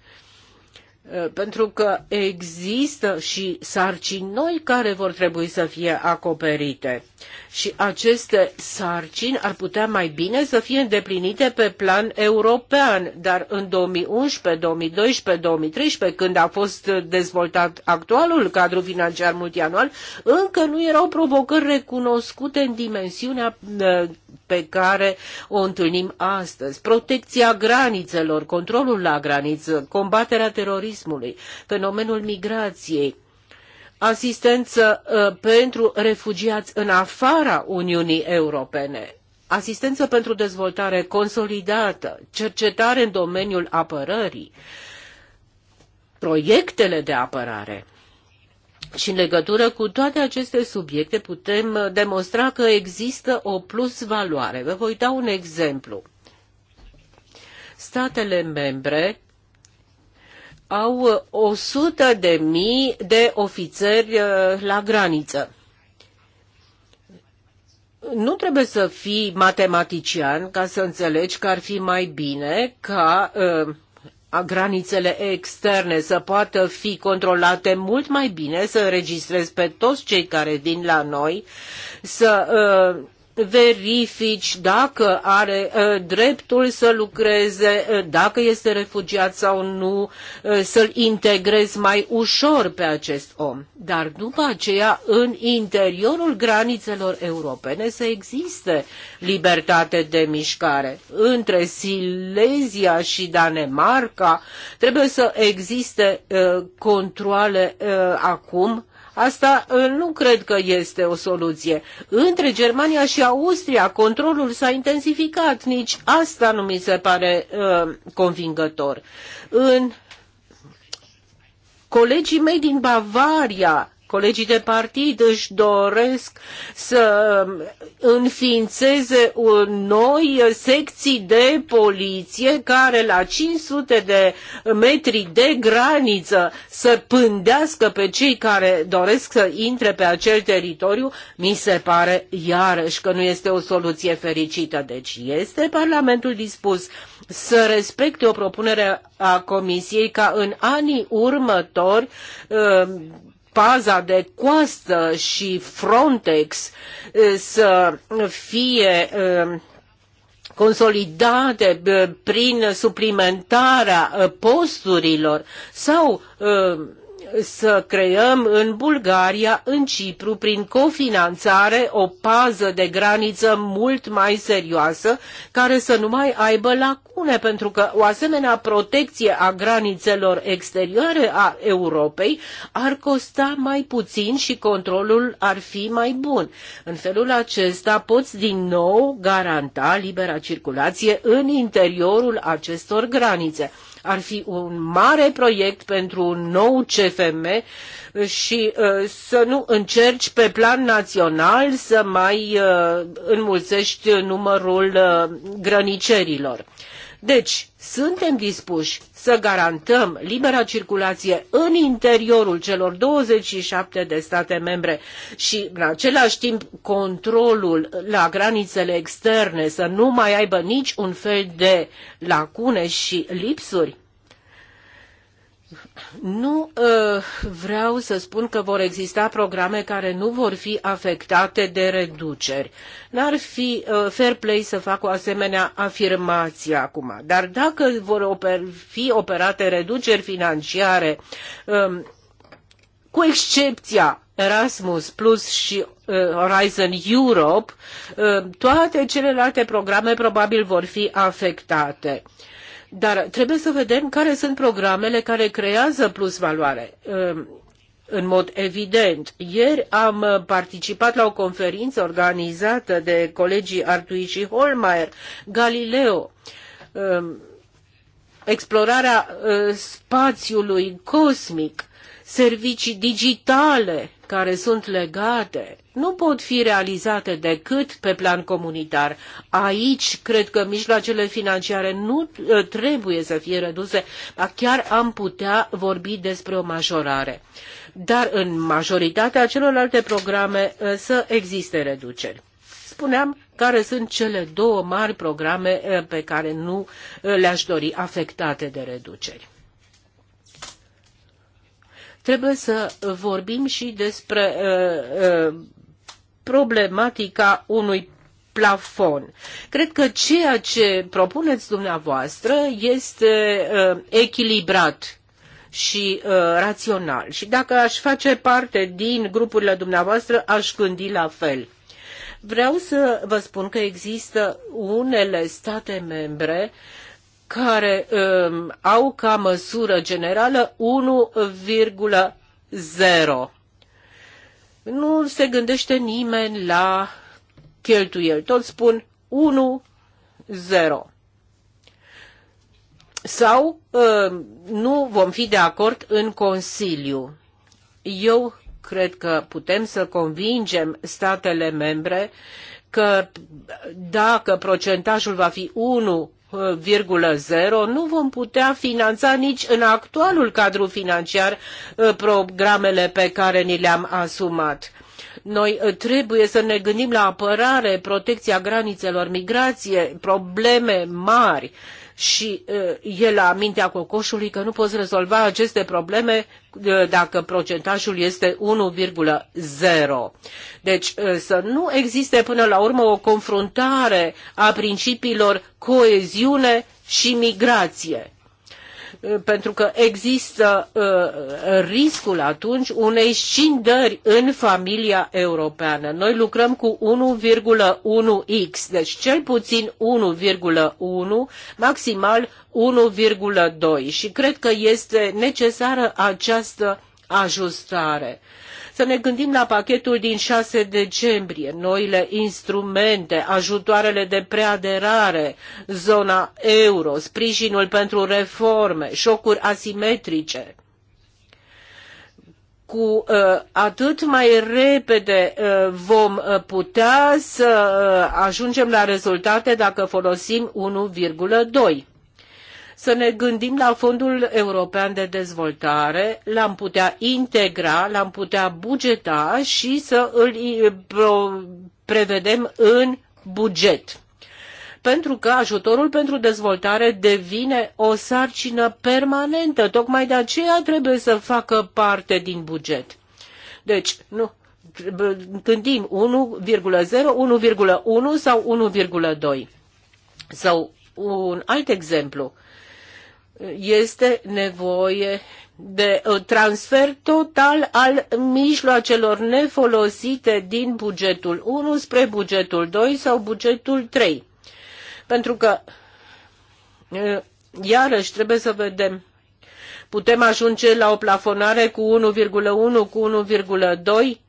Eh, pentru că există și sarcini noi care vor trebui să fie acoperite. Și aceste sarcini ar putea mai bine să fie îndeplinite pe plan european, dar în 2011, 2012, 2013, când a fost dezvoltat actualul cadru financiar multianual, încă nu erau provocări recunoscute în dimensiunea eh, pe care o întâlnim astăzi. Protecția granițelor, controlul la graniță, combaterea terorismului, terorismului, fenomenul migrației, asistență uh, pentru refugiați în afara Uniunii Europene, asistență pentru dezvoltare consolidată, cercetare în domeniul apărării, proiectele de apărare. Și în legătură cu toate aceste subiecte putem uh, demonstra că există o plus valoare. Vă voi da un exemplu. Statele membre au 100 uh, de mii de ofițeri uh, la graniță. Nu trebuie să fii matematician ca să înțelegi că ar fi mai bine ca uh, a granițele externe să poată fi controlate mult mai bine, să înregistrez pe toți cei care vin la noi, să uh, verifici dacă are uh, dreptul să lucreze, uh, dacă este refugiat sau nu, uh, să-l integrezi mai ușor pe acest om. Dar după aceea, în interiorul granițelor europene, să existe libertate de mișcare. Între Silezia și Danemarca trebuie să existe controle acum Asta uh, nu cred că este o soluție. Între Germania și Austria controlul s-a intensificat, nici asta nu mi se pare uh, convingător. În Colegii mei din Bavaria Colegii de partid își doresc să înființeze noi secții de poliție care la 500 de metri de graniță să pândească pe cei care doresc să intre pe acel teritoriu, mi se pare iarăși că nu este o soluție fericită. Deci este Parlamentul dispus să respecte o propunere a Comisiei ca în anii următori uh, paza de coastă și Frontex să fie consolidate prin suplimentarea posturilor sau să creăm în Bulgaria, în Cipru, prin cofinanțare, o pază de graniță mult mai serioasă, care să nu mai aibă lacune, pentru că o asemenea protecție a granițelor exterioare a Europei ar costa mai puțin și controlul ar fi mai bun. În felul acesta poți din nou garanta libera circulație în interiorul acestor granițe ar fi un mare proiect pentru un nou CFM și uh, să nu încerci pe plan național să mai uh, înmulțești numărul uh, grănicerilor. Deci, suntem dispuși să garantăm libera circulație în interiorul celor 27 de state membre și, în același timp, controlul la granițele externe să nu mai aibă nici un fel de lacune și lipsuri? Nu uh, vreau să spun că vor exista programe care nu vor fi afectate de reduceri. N-ar fi uh, fair play să fac o asemenea afirmație acum. Dar dacă vor fi operate reduceri financiare, um, cu excepția Erasmus Plus și uh, Horizon Europe, toate celelalte programe probabil vor fi afectate. Dar trebuie să vedem care sunt programele care creează plus valoare. Ehm, în mod evident, ieri am participat la o conferință organizată de colegii Artui și Holmeier, Galileo, ehm, explorarea ehm, spațiului cosmic, servicii digitale, care sunt legate nu pot fi realizate decât pe plan comunitar. Aici cred că mijloacele financiare nu ă, trebuie să fie reduse, dar chiar am putea vorbi despre o majorare. Dar în majoritatea celorlalte programe ă, să existe reduceri. Spuneam care sunt cele două mari programe ă, pe care nu le-aș dori afectate de reduceri. Trebuie să vorbim și despre uh, uh, problematica unui plafon. Cred că ceea ce propuneți dumneavoastră este uh, echilibrat și uh, rațional. Și dacă aș face parte din grupurile dumneavoastră, aș gândi la fel. Vreau să vă spun că există unele state membre uh, care um, au ca măsură generală 1,0. Nu se gândește nimeni la cheltuieli. Toți spun 1,0. Sau um, nu vom fi de acord în Consiliu. Eu cred că putem să convingem statele membre că dacă procentajul va fi 1 0,0 nu vom putea finanța nici în actualul cadru financiar uh, programele pe care ni le-am asumat. Noi uh, trebuie să ne gândim la apărare, protecția granițelor, migrație, probleme mari și uh, e la mintea cocoșului că nu poți rezolva aceste probleme uh, dacă procentajul este 1,0. Deci uh, să nu existe până la urmă o confruntare a principiilor coeziune și migrație pentru că există uh, riscul atunci unei scindări în familia europeană. Noi lucrăm cu 1,1x, deci cel puțin 1,1, maximal 1,2 și cred că este necesară această ajustare să ne gândim la pachetul din 6 decembrie, noile instrumente, ajutoarele de preaderare, zona euro, sprijinul pentru reforme, șocuri asimetrice cu uh, atât mai repede uh, vom uh, putea să ajungem la rezultate dacă folosim 1,2 să ne gândim la Fondul European de Dezvoltare, l-am putea integra, l-am putea bugeta și să îl prevedem în buget pentru că ajutorul pentru dezvoltare devine o sarcină permanentă. Tocmai de aceea trebuie să facă parte din buget. Deci, nu gândim 1,0, 1,1 sau 1,2. Sau un alt exemplu este nevoie de uh, transfer total al mijloacelor nefolosite din bugetul 1 spre bugetul 2 sau bugetul 3. Pentru că, uh, iarăși, trebuie să vedem. Putem ajunge la o plafonare cu 1,1, cu 1,2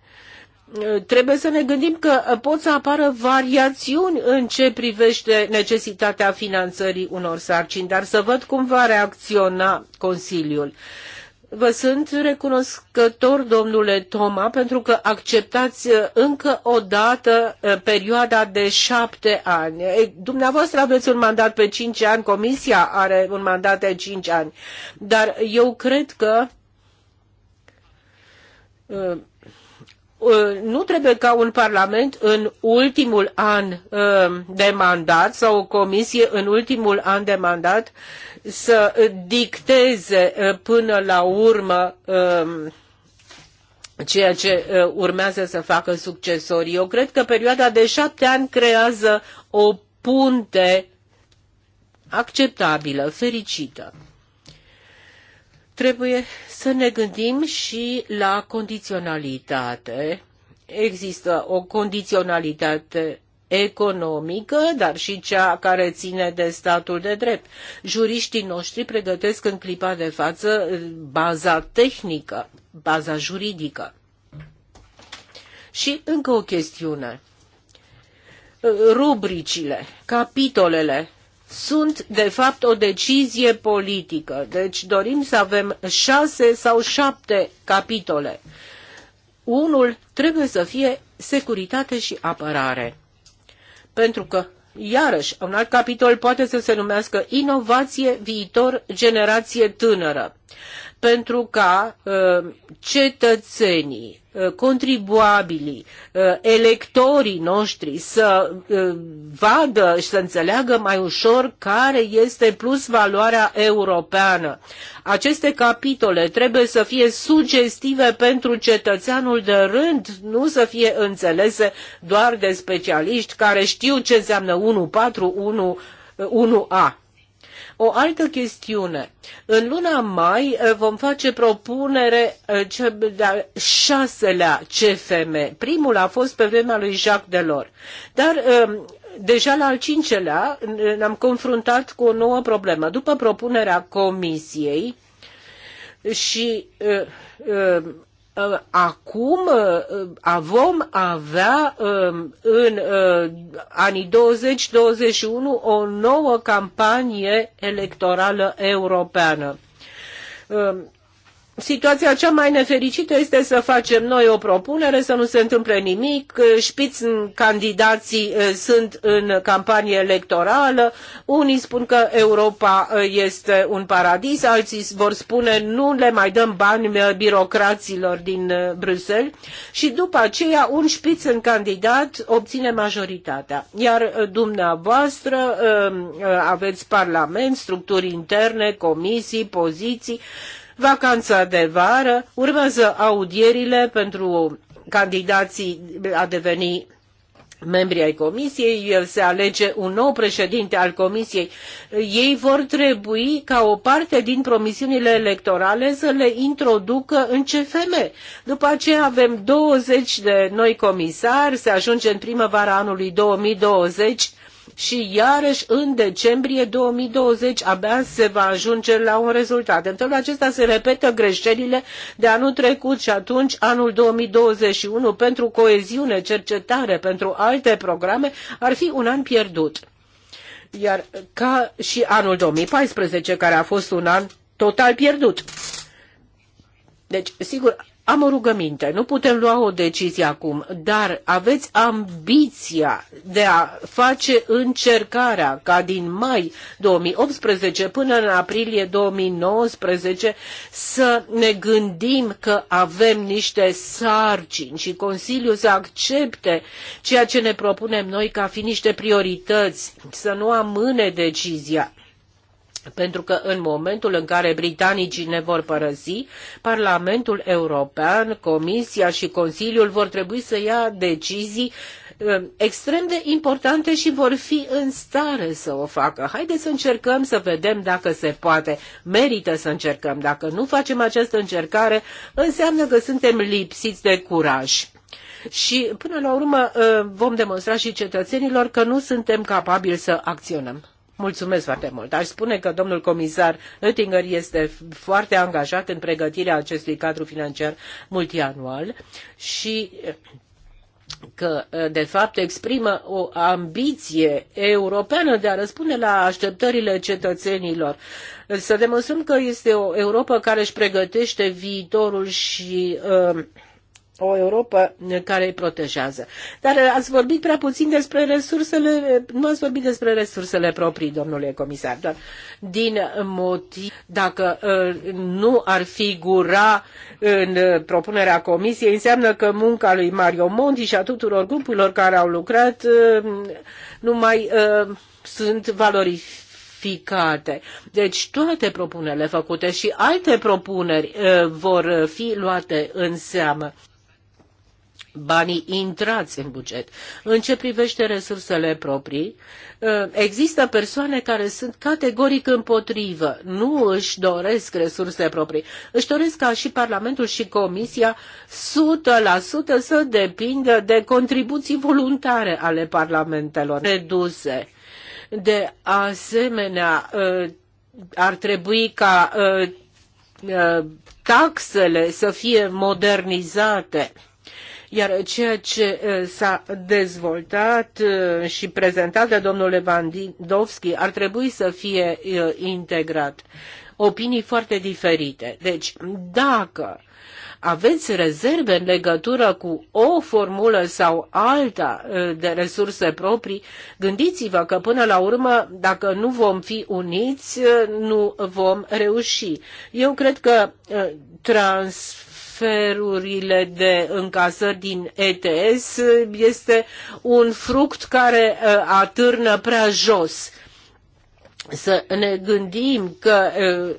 trebuie să ne gândim că pot să apară variațiuni în ce privește necesitatea finanțării unor sarcini, dar să văd cum va reacționa Consiliul. Vă sunt recunoscător, domnule Toma, pentru că acceptați uh, încă o dată uh, perioada de șapte ani. Dumneavoastră aveți un mandat pe cinci ani, Comisia are un mandat de cinci ani, dar eu cred că uh, Uh, nu trebuie ca un parlament în ultimul an uh, de mandat sau o comisie în ultimul an de mandat să dicteze uh, până la urmă um, ceea ce urmează să facă succesorii. Eu cred că perioada de șapte ani creează o punte acceptabilă, fericită. Trebuie să ne gândim și la condiționalitate. Există o condiționalitate economică, dar și cea care ține de statul de drept. Juriștii noștri pregătesc în clipa de față baza tehnică, baza juridică. Și încă o chestiune. Rubricile, capitolele sunt de fapt o decizie politică. Deci dorim să avem șase sau șapte capitole. Unul trebuie să fie securitate și apărare. Pentru că, iarăși, un alt capitol poate să se numească inovație, viitor, generație tânără. Pentru ca ă, cetățenii Uh, contribuabilii, uh, electorii noștri să uh, vadă și să înțeleagă mai ușor care este plus valoarea europeană. Aceste capitole trebuie să fie sugestive pentru cetățeanul de rând, nu să fie înțelese doar de specialiști care știu ce înseamnă 1.4, 1, 1A. O altă chestiune. În luna mai eh, vom face propunere eh, cel de a șaselea CFM. Primul a fost pe vremea lui Jacques Delors. Dar eh, deja la al cincelea ne-am confruntat cu o nouă problemă. După propunerea comisiei și Uh, acum uh, uh, vom avea um, în anii 20-21 o nouă campanie electorală europeană situația cea mai nefericită este să facem noi o propunere, să nu se întâmple nimic, șpiți candidații eh, sunt în campanie electorală, unii spun că Europa eh, este un paradis, alții vor spune nu le mai dăm bani eh, birocraților din Bruxelles și după aceea un șpiț în candidat obține majoritatea. Iar dumneavoastră aveți parlament, structuri interne, comisii, poziții, vacanța de vară, urmează audierile pentru candidații a deveni membri ai comisiei, el se alege un nou președinte al comisiei. Ei vor trebui ca o parte din promisiunile electorale să le introducă în CFM. După aceea avem 20 de noi comisari, se ajunge în primăvara anului 2020 și iarăși în decembrie 2020 abia se va ajunge la un rezultat. În felul acesta se repetă greșelile de anul trecut și atunci anul 2021 pentru coeziune, cercetare, pentru alte programe ar fi un an pierdut. Iar ca și anul 2014, care a fost un an total pierdut. Deci, sigur, am o rugăminte, nu putem lua o decizie acum, dar aveți ambiția de a face încercarea ca din mai 2018 până în aprilie 2019 să ne gândim că avem niște sarcini și Consiliul să accepte ceea ce ne propunem noi ca fi niște priorități, să nu amâne decizia pentru că în momentul în care britanicii ne vor părăsi, Parlamentul European, Comisia și Consiliul vor trebui să ia decizii ă, extrem de importante și vor fi în stare să o facă. Haideți să încercăm să vedem dacă se poate. Merită să încercăm. Dacă nu facem această încercare, înseamnă că suntem lipsiți de curaj. Și până la urmă ă, vom demonstra și cetățenilor că nu suntem capabili să acționăm. Mulțumesc foarte mult. Aș spune că domnul comisar Oettinger este foarte angajat în pregătirea acestui cadru financiar multianual și că, de fapt, exprimă o ambiție europeană de a răspunde la așteptările cetățenilor. Să demonstrăm că este o Europa care își pregătește viitorul și uh, o Europa care îi protejează. Dar eh, ați vorbit prea puțin despre resursele, nu ați vorbit despre resursele proprii, domnule comisar, doar din motiv, dacă eh, nu ar figura în eh, propunerea comisiei, înseamnă că munca lui Mario Monti și a tuturor grupurilor care au lucrat nu mai sunt valorificate Ficate. Deci toate propunerile făcute și alte propuneri vor fi luate în seamă banii intrați în buget. În ce privește resursele proprii, ă, există persoane care sunt categoric împotrivă, nu își doresc resurse proprii. Își doresc ca și Parlamentul și Comisia 100% să depindă de contribuții voluntare ale parlamentelor reduse. De asemenea, ă, ar trebui ca ă, taxele să fie modernizate iar ceea ce s-a dezvoltat și prezentat de domnul Lewandowski ar trebui să fie integrat. Opinii foarte diferite. Deci, dacă aveți rezerve în legătură cu o formulă sau alta de resurse proprii, gândiți-vă că până la urmă, dacă nu vom fi uniți, nu vom reuși. Eu cred că transfer transferurile de încasări din ETS este un fruct care uh, atârnă prea jos. Să ne gândim că uh,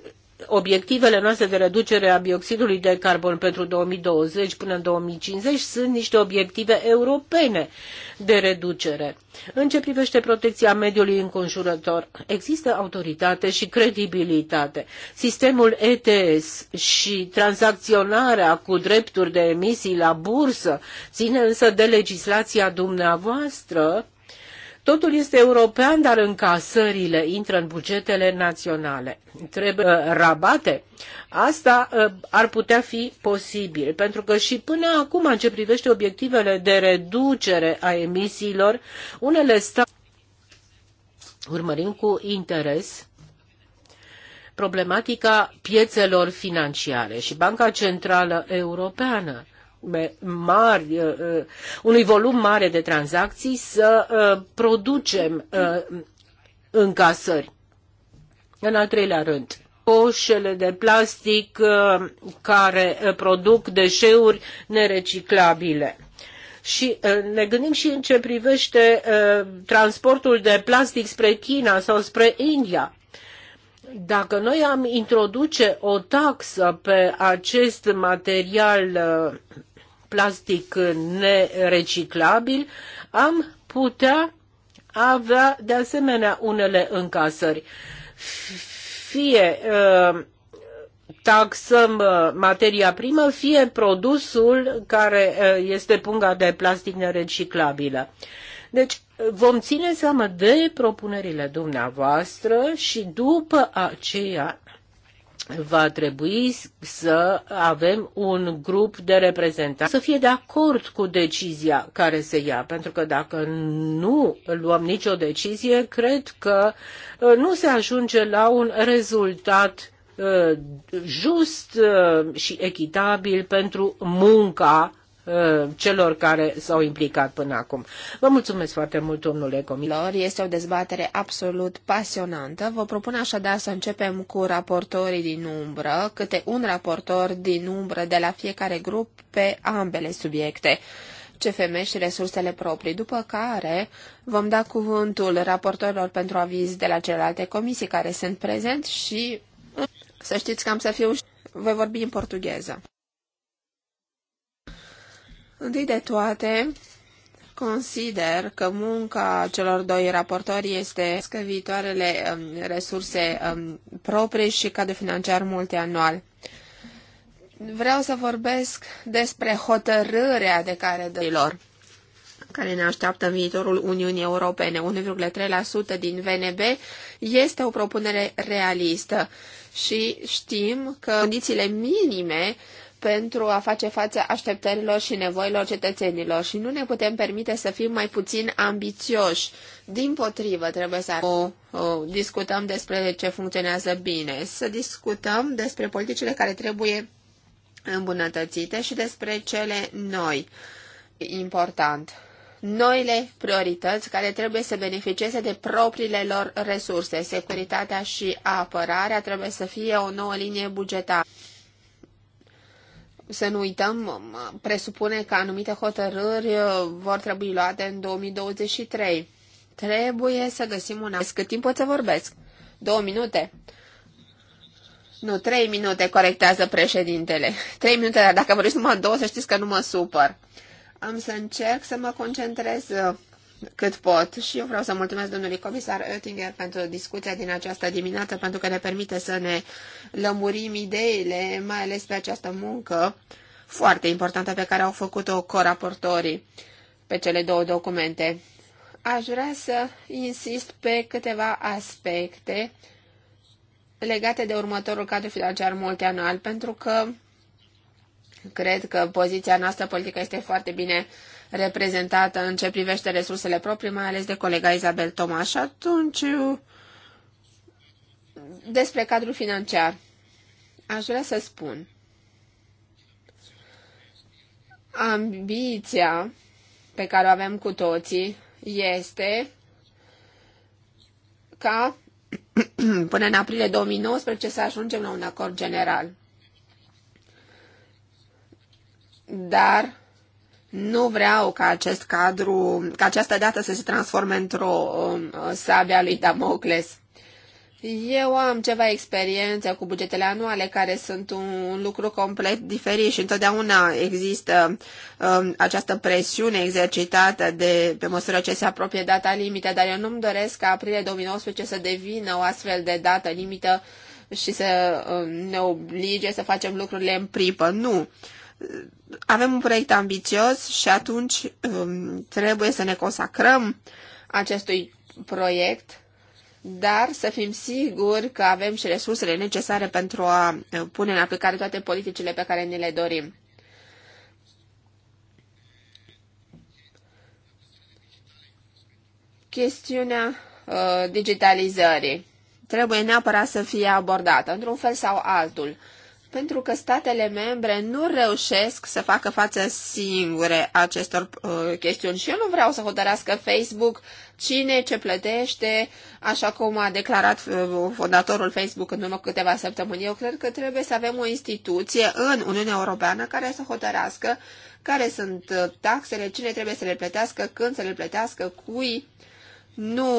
obiectivele noastre de reducere a bioxidului de carbon pentru 2020 până în 2050 sunt niște obiective europene de reducere. În ce privește protecția mediului înconjurător, există autoritate și credibilitate. Sistemul ETS și tranzacționarea cu drepturi de emisii la bursă ține însă de legislația dumneavoastră Totul este european, dar încasările intră în bugetele naționale. Trebuie uh, rabate. Asta uh, ar putea fi posibil, pentru că și până acum, în ce privește obiectivele de reducere a emisiilor, unele state urmărim cu interes problematica piețelor financiare și Banca Centrală Europeană mari, uh, uh, unui volum mare de tranzacții să uh, producem încasări. În al treilea rând, poșele de plastic care produc deșeuri nereciclabile. Și ne gândim și în ce privește transportul de plastic spre China sau spre India. Dacă noi am introduce o taxă pe acest material plastic nereciclabil, am putea avea de asemenea unele încasări. Fie uh, taxăm uh, materia primă, fie produsul care uh, este punga de plastic nereciclabilă. Deci vom ține seama de propunerile dumneavoastră și după aceea va trebui să avem un grup de reprezentanți să fie de acord cu decizia care se ia, pentru că dacă nu luăm nicio decizie, cred că uh, nu se ajunge la un rezultat uh, just uh, și echitabil pentru munca Uh, celor care s-au implicat până acum. Vă mulțumesc foarte mult, domnule comisar. Este o dezbatere absolut pasionantă. Vă propun așadar să începem cu raportorii din umbră, câte un raportor din umbră de la fiecare grup pe ambele subiecte. CFM și resursele proprii, după care vom da cuvântul raportorilor pentru aviz de la celelalte comisii care sunt prezent și să știți că am să fiu... Voi vorbi în portugheză. Întâi de toate, consider că munca celor doi raportori este că viitoarele um, resurse um, proprii și cadru financiar multianual. Vreau să vorbesc despre hotărârea de care lor, care ne așteaptă în viitorul Uniunii Europene. 1,3% din VNB este o propunere realistă și știm că condițiile minime pentru a face față așteptărilor și nevoilor cetățenilor și nu ne putem permite să fim mai puțin ambițioși. Din potrivă, trebuie să o, o, discutăm despre ce funcționează bine, să discutăm despre politicile care trebuie îmbunătățite și despre cele noi. Important. Noile priorități care trebuie să beneficieze de propriile lor resurse. Securitatea și apărarea trebuie să fie o nouă linie bugetară să nu uităm, presupune că anumite hotărâri uh, vor trebui luate în 2023. Trebuie să găsim un alt. Cât timp pot să vorbesc? Două minute? Nu, trei minute, corectează președintele. Trei minute, dar dacă vorbiți numai două, să știți că nu mă supăr. Am să încerc să mă concentrez uh, cât pot. Și eu vreau să mulțumesc domnului comisar Oettinger pentru discuția din această dimineață, pentru că ne permite să ne lămurim ideile, mai ales pe această muncă foarte importantă pe care au făcut-o coraportorii pe cele două documente. Aș vrea să insist pe câteva aspecte legate de următorul cadru financiar multianual, pentru că cred că poziția noastră politică este foarte bine reprezentată în ce privește resursele proprii, mai ales de colega Isabel Tomaș. atunci, despre cadrul financiar, aș vrea să spun. Ambiția pe care o avem cu toții este ca până în aprilie 2019 să ajungem la un acord general. Dar nu vreau ca acest cadru, ca această dată să se transforme într-o um, sabia lui Damocles. Eu am ceva experiență cu bugetele anuale care sunt un lucru complet diferit și întotdeauna există um, această presiune exercitată de, pe măsură ce se apropie data limită, dar eu nu-mi doresc ca aprilie 2019 să devină o astfel de dată limită și să um, ne oblige să facem lucrurile în pripă. Nu. Uh, avem un proiect ambițios și atunci um, trebuie să ne consacrăm acestui proiect, dar să fim siguri că avem și resursele necesare pentru a uh, pune în aplicare toate politicile pe care ni le dorim. Chestiunea uh, digitalizării trebuie neapărat să fie abordată, într-un fel sau altul pentru că statele membre nu reușesc să facă față singure acestor uh, chestiuni. Și eu nu vreau să hotărească Facebook cine ce plătește, așa cum a declarat uh, fondatorul Facebook în urmă câteva săptămâni. Eu cred că trebuie să avem o instituție în Uniunea Europeană care să hotărească care sunt uh, taxele, cine trebuie să le plătească, când să le plătească, cui. Nu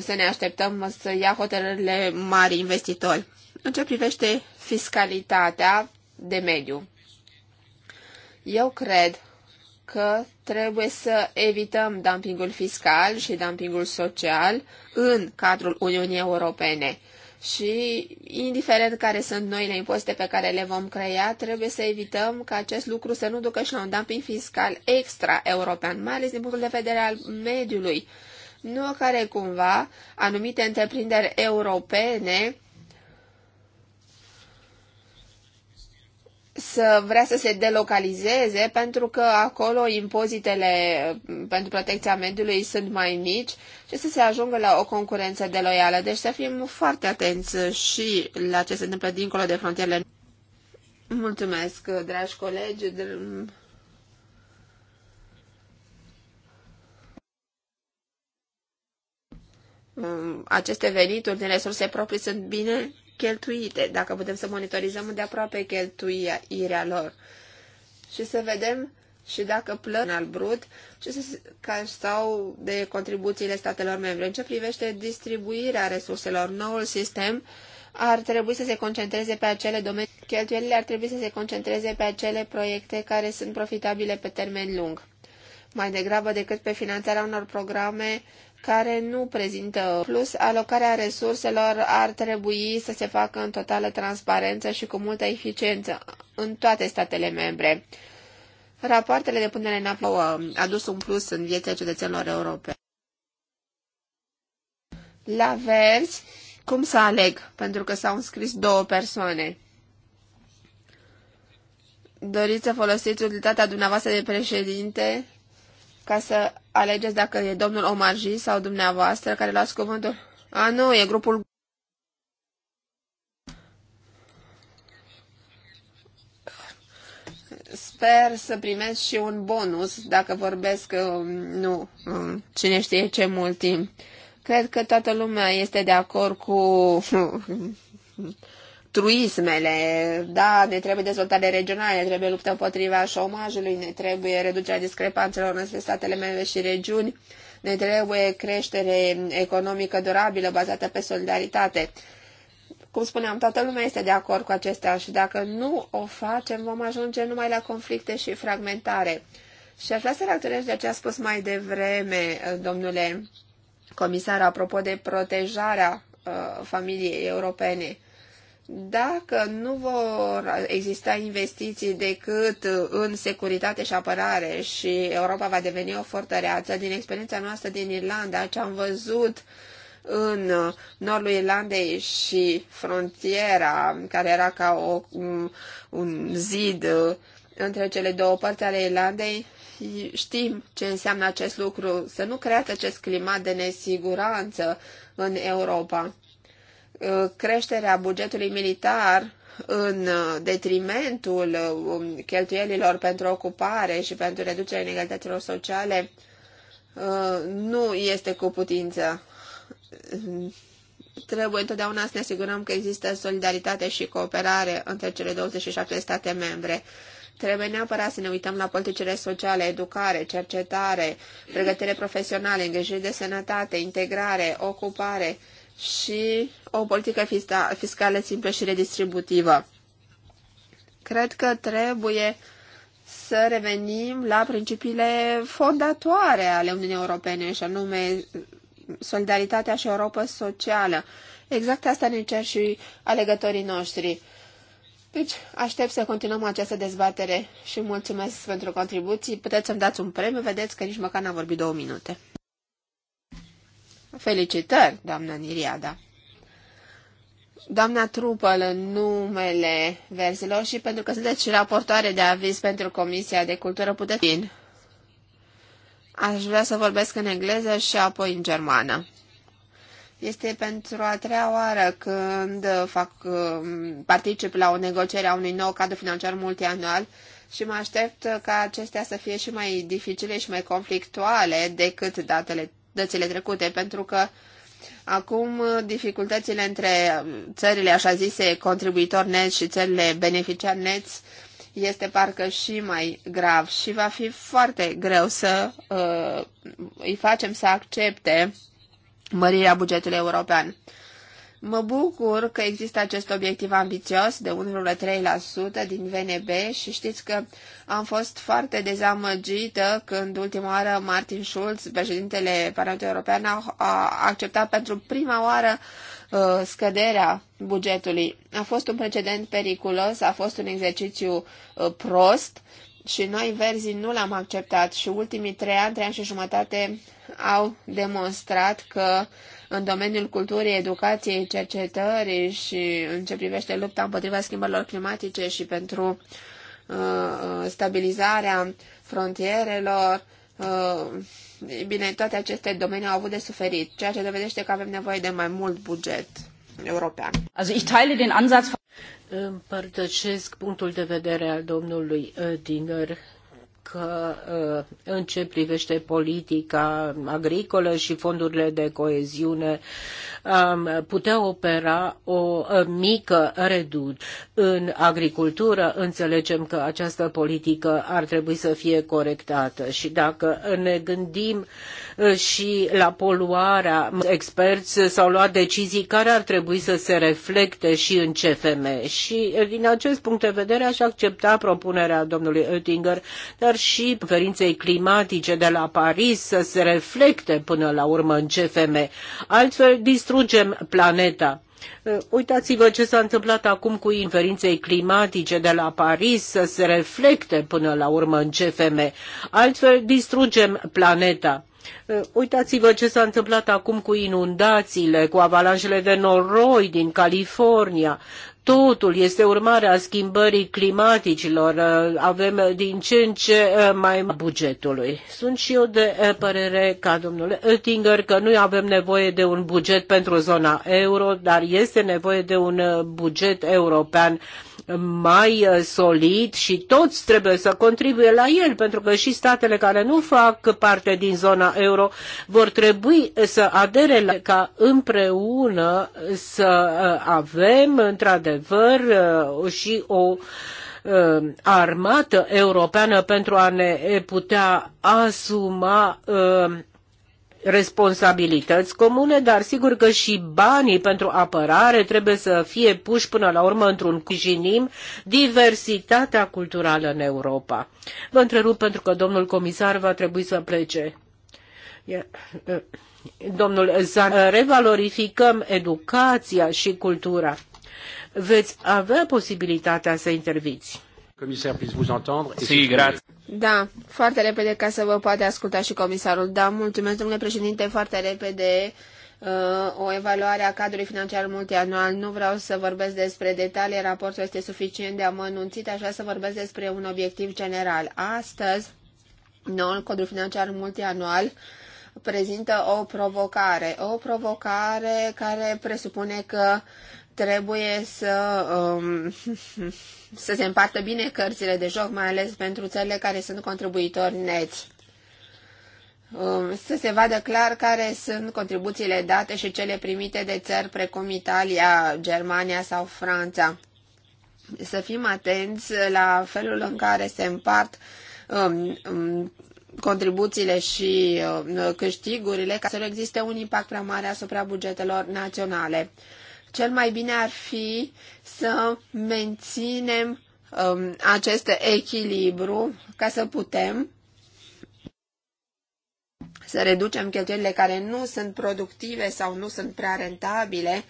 să ne așteptăm să ia hotărârile mari investitori. În ce privește fiscalitatea de mediu, eu cred că trebuie să evităm dumpingul fiscal și dumpingul social în cadrul Uniunii Europene. Și, indiferent care sunt noile impozite pe care le vom crea, trebuie să evităm ca acest lucru să nu ducă și la un dumping fiscal extra-european, mai ales din punctul de vedere al mediului. Nu care cumva anumite întreprinderi europene să vrea să se delocalizeze pentru că acolo impozitele mm, pentru protecția mediului sunt mai mici și să se ajungă la o concurență deloială. Deci să fim foarte atenți și la ce se întâmplă dincolo de frontierele. Mulțumesc, dragi colegi. Mm, aceste venituri din resurse proprii sunt bine cheltuite, dacă putem să monitorizăm de aproape cheltuirea lor. Și să vedem și dacă plăn al brut ce se, sau de contribuțiile statelor membre. În ce privește distribuirea resurselor, noul sistem ar trebui să se concentreze pe acele domenii. Cheltuielile ar trebui să se concentreze pe acele proiecte care sunt profitabile pe termen lung, mai degrabă decât pe finanțarea unor programe care nu prezintă plus, alocarea resurselor ar trebui să se facă în totală transparență și cu multă eficiență în toate statele membre. Rapoartele de punere în apă au um, adus un plus în viața cetățenilor europene. La verzi, cum să aleg? Pentru că s-au înscris două persoane. Doriți să folosiți utilitatea dumneavoastră de președinte ca să alegeți dacă e domnul Omarji sau dumneavoastră care luați cuvântul. A, nu, e grupul... Sper să primesc și un bonus dacă vorbesc, um, nu, um, cine știe ce mult timp. Cred că toată lumea este de acord cu truismele, da, ne trebuie dezvoltare regională, ne trebuie luptă împotriva șomajului, ne trebuie reducerea discrepanțelor între statele mele și regiuni, ne trebuie creștere economică durabilă bazată pe solidaritate. Cum spuneam, toată lumea este de acord cu acestea și dacă nu o facem, vom ajunge numai la conflicte și fragmentare. Și aș vrea să reacționez de ce a spus mai devreme, domnule comisar, apropo de protejarea uh, familiei europene. Uh, dacă nu vor exista investiții decât în securitate și apărare și Europa va deveni o fortăreață, din experiența noastră din Irlanda, ce am văzut în nordul Irlandei și frontiera, care era ca o, un zid între cele două părți ale Irlandei, știm ce înseamnă acest lucru, să nu creați acest climat de nesiguranță în Europa creșterea bugetului militar în uh, detrimentul um, cheltuielilor pentru ocupare și pentru reducerea inegalităților sociale uh, nu este cu putință. Trebuie întotdeauna să ne asigurăm că există solidaritate și cooperare între cele 27 state membre. Trebuie neapărat să ne uităm la politicile sociale, educare, cercetare, pregătire profesională, îngrijire de sănătate, integrare, ocupare, și o politică fiscală simplă și redistributivă. Cred că trebuie să revenim la principiile fondatoare ale Uniunii Europene, și anume solidaritatea și Europa socială. Exact asta ne cer și alegătorii noștri. Deci, aștept să continuăm această dezbatere și mulțumesc pentru contribuții. Puteți să-mi dați un premiu, vedeți că nici măcar n-am vorbit două minute. Felicitări, doamnă Niriada! Doamna Trupăl în numele verzilor și pentru că sunteți raportoare de aviz pentru Comisia de Cultură Puteți. Aș vrea să vorbesc în engleză și apoi în germană. Este pentru a treia oară când fac, um, particip la o negociere a unui nou cadru financiar multianual și mă aștept ca acestea să fie și mai dificile și mai conflictuale decât datele dățile trecute, pentru că acum dificultățile între țările așa zise contribuitor net și țările beneficiar net este parcă și mai grav și va fi foarte greu să uh, îi facem să accepte mărirea bugetului european. Mă bucur că există acest obiectiv ambițios de 1,3% din VNB și știți că am fost foarte dezamăgită când ultima oară Martin Schulz, președintele Parlamentului European, a, acceptat pentru prima oară uh, scăderea bugetului. A fost un precedent periculos, a fost un exercițiu uh, prost și noi verzii nu l-am acceptat și ultimii trei ani, trei ani și jumătate au demonstrat că uh, în domeniul culturii, educației, cercetării și în ce privește lupta împotriva schimbărilor climatice și pentru uh, uh stabilizarea frontierelor. Uh, e bine, toate aceste domenii au avut de suferit, ceea ce dovedește că avem nevoie de mai mult buget european. Also ich teile den Ansatz Împărtășesc punctul de vedere al domnului uh, Dinger că uh, în ce privește politica agricolă și fondurile de coeziune putea opera o uh, mică reducere. În agricultură înțelegem că această politică ar trebui să fie corectată și dacă ne gândim uh, și la poluarea, experți s-au luat decizii care ar trebui să se reflecte și în CFM și din acest punct de vedere aș accepta propunerea domnului Oettinger, dar și conferinței climatice de la Paris să se reflecte până la urmă în CFM. Altfel distrugem planeta. Uh, uitați-vă ce s-a întâmplat acum cu inferinței climatice de la Paris să se reflecte până la urmă în CFM. Altfel distrugem planeta. Uh, uitați-vă ce s-a întâmplat acum cu inundațiile, cu avalanșele de noroi din California totul este urmarea schimbării climaticilor, avem din ce în ce eh, mai bugetului. Sunt și eu de eh, părere ca domnul Oettinger că nu avem nevoie de un buget pentru zona euro, dar este nevoie de un eh, buget european mai uh, solid și toți trebuie să contribuie la el, pentru că și statele care nu fac parte din zona euro vor trebui să adere la, ca împreună să uh, avem într-adevăr uh, și o armată europeană pentru a ne putea asuma uh, responsabilități comune, dar sigur că și banii pentru apărare trebuie să fie puși până la urmă într-un cujinim diversitatea culturală în Europa. Vă întrerup pentru că domnul comisar va trebui să plece. Ă, domnul Zan, revalorificăm educația și cultura. Veți avea posibilitatea să interviți. Comisar, puteți vous entendre. Sí, grazie. Da, foarte repede ca să vă poate asculta și comisarul. Da, mulțumesc, domnule președinte, foarte repede uh, o evaluare a cadrului financiar multianual. Nu vreau să vorbesc despre detalii, raportul este suficient de amănunțit, așa să vorbesc despre un obiectiv general. Astăzi, noul cadru financiar multianual prezintă o provocare, o provocare care presupune că Trebuie să, um, să se împartă bine cărțile de joc, mai ales pentru țările care sunt contribuitori neți. Um, să se vadă clar care sunt contribuțiile date și cele primite de țări precum Italia, Germania sau Franța. Să fim atenți la felul în care se împart um, um contribuțiile și um, câștigurile ca să nu existe un impact prea mare asupra bugetelor naționale. Cel mai bine ar fi să menținem um, acest echilibru ca să putem să reducem cheltuielile care nu sunt productive sau nu sunt prea rentabile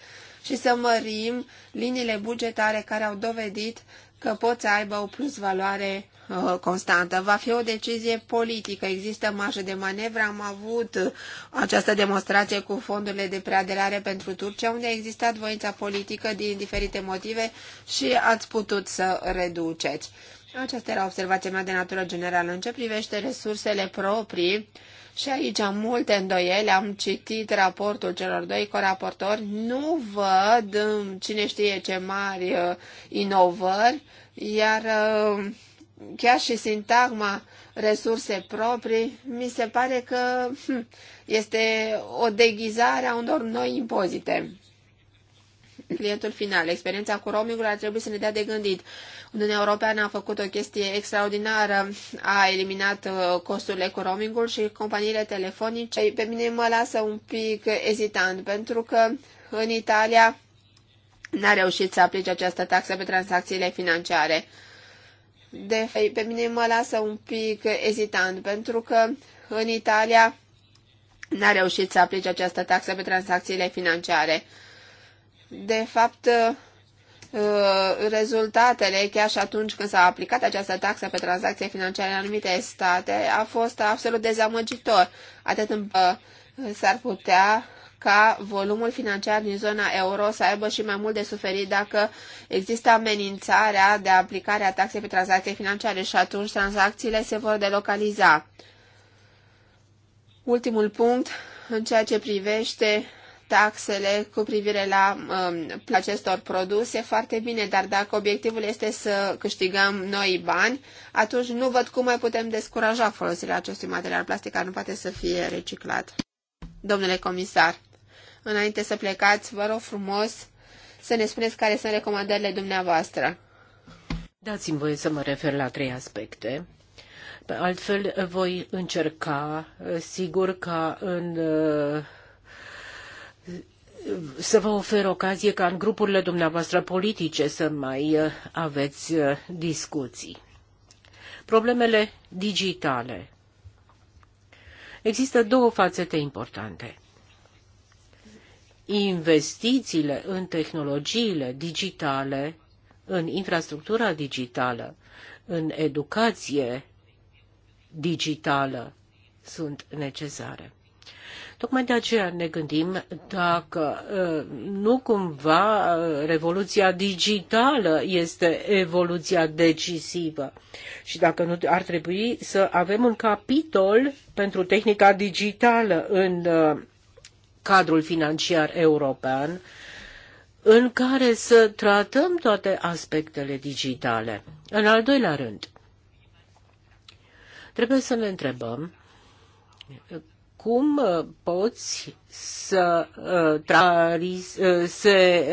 și să mărim liniile bugetare care au dovedit că pot să aibă o plus valoare Uh, constantă. Va fi o decizie politică. Există marjă de manevră. Am avut această demonstrație cu fondurile de preaderare pentru Turcia, unde a existat voința politică din diferite motive și ați putut să reduceți. Aceasta era observația mea de natură generală. În ce privește resursele proprii, și aici am multe îndoiele, am citit raportul celor doi coraportori, nu văd mm, cine știe ce mari uh, inovări, iar uh, chiar și sintagma resurse proprii, mi se pare că hm, este o deghizare a unor noi impozite. Clientul final, experiența cu roamingul ar trebui să ne dea de gândit. Uniunea Europeană a făcut o chestie extraordinară, a eliminat uh, costurile cu roamingul și companiile telefonice. Pe mine mă lasă un pic ezitant, pentru că în Italia n-a reușit să aplice această taxă pe tranzacțiile financiare de... Pe mine mă lasă un pic ezitant, pentru că în Italia n-a reușit să aplice această taxă pe tranzacțiile financiare. De fapt, uh, rezultatele, chiar și atunci când s-a aplicat această taxă pe tranzacții financiare în anumite state, a fost absolut dezamăgitor. Atât în uh, s-ar putea ca volumul financiar din zona euro să aibă și mai mult de suferit dacă există amenințarea de aplicare a taxei pe tranzacții financiare și atunci tranzacțiile se vor delocaliza. Ultimul punct, în ceea ce privește taxele cu privire la um, acestor produse foarte bine, dar dacă obiectivul este să câștigăm noi bani, atunci nu văd cum mai putem descuraja folosirea acestui material plastic care nu poate să fie reciclat. Domnule comisar. Înainte să plecați, vă rog frumos să ne spuneți care sunt recomandările dumneavoastră. Dați-mi voie să mă refer la trei aspecte. Altfel voi încerca, sigur, ca în uh, să vă ofer ocazie ca în grupurile dumneavoastră politice să mai uh, aveți uh, discuții. Problemele digitale. Există două fațete importante investițiile în tehnologiile digitale, în infrastructura digitală, în educație digitală sunt necesare. Tocmai de aceea ne gândim dacă uh, nu cumva uh, revoluția digitală este evoluția decisivă și dacă nu ar trebui să avem un capitol pentru tehnica digitală în uh, cadrul financiar european în care să tratăm toate aspectele digitale. În al doilea rând, trebuie să ne întrebăm cum uh, poți să uh, uh, se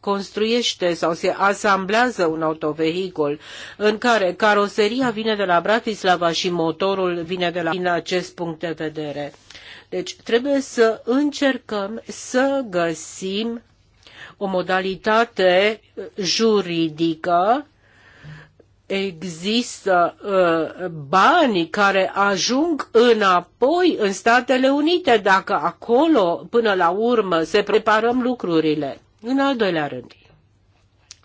construiește sau se asamblează un autovehicul în care caroseria vine de la Bratislava și motorul vine de la din acest punct de vedere. Deci trebuie să încercăm să găsim o modalitate juridică există uh, bani care ajung înapoi în Statele Unite, dacă acolo, până la urmă, se preparăm lucrurile. În al doilea rând,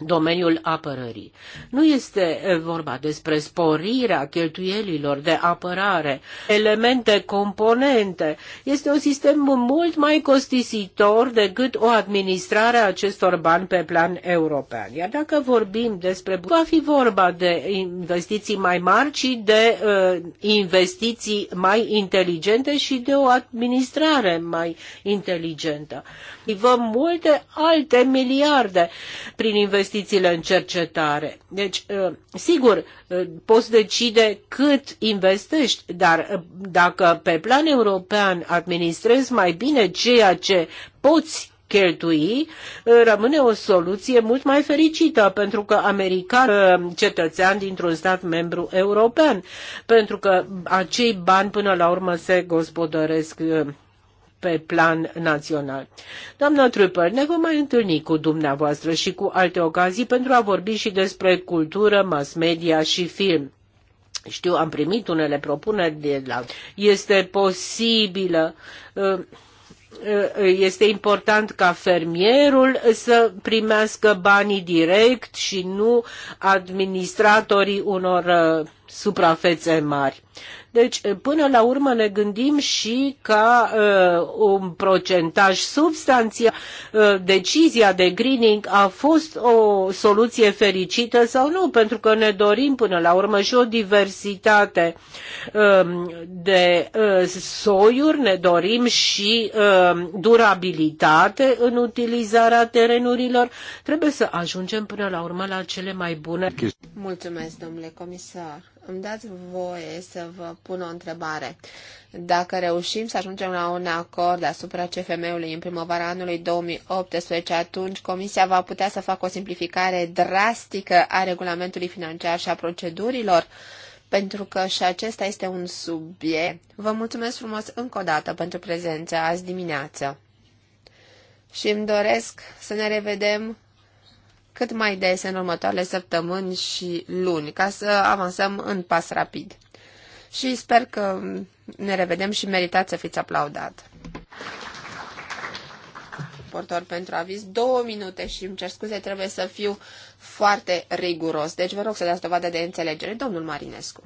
domeniul apărării. Nu este eh, vorba despre sporirea cheltuielilor de apărare, elemente, componente. Este un sistem mult mai costisitor decât o administrare a acestor bani pe plan european. Iar dacă vorbim despre... va fi vorba de investiții mai mari, ci de uh, investiții mai inteligente și de o administrare mai inteligentă activăm multe alte miliarde prin investițiile în cercetare. Deci, uh, sigur, uh, poți decide cât investești, dar uh, dacă pe plan european administrezi mai bine ceea ce poți cheltui, rămâne o soluție mult mai fericită pentru că american cetățean dintr-un stat membru european, pentru că acei bani până la urmă se gospodăresc pe plan național. Doamna Trupper, ne vom mai întâlni cu dumneavoastră și cu alte ocazii pentru a vorbi și despre cultură, mass media și film. Știu, am primit unele propuneri de la... Este posibilă... Uh, uh, este important ca fermierul să primească banii direct și nu administratorii unor uh, suprafețe mari. Deci, eh, până la urmă ne gândim și ca uh, un procentaj substanțial. Uh, decizia de greening a fost o soluție fericită sau nu, pentru că ne dorim până la urmă și o diversitate uh, de uh, soiuri, ne dorim și uh, durabilitate în utilizarea terenurilor. Trebuie să ajungem până la urmă la cele mai bune. Mulțumesc, domnule comisar îmi dați voie să vă pun o întrebare. Dacă reușim să ajungem la un acord asupra CFM-ului în primăvara anului 2018, atunci Comisia va putea să facă o simplificare drastică a regulamentului financiar și a procedurilor, pentru că și acesta este un subiect. Vă mulțumesc frumos încă o dată pentru prezența azi dimineață. Și îmi doresc să ne revedem cât mai des în următoarele săptămâni și luni, ca să avansăm în pas rapid. Și sper că ne revedem și meritați să fiți aplaudat. Portor pentru aviz, două minute și îmi cer scuze, trebuie să fiu foarte riguros. Deci vă rog să dați dovadă de înțelegere, domnul Marinescu.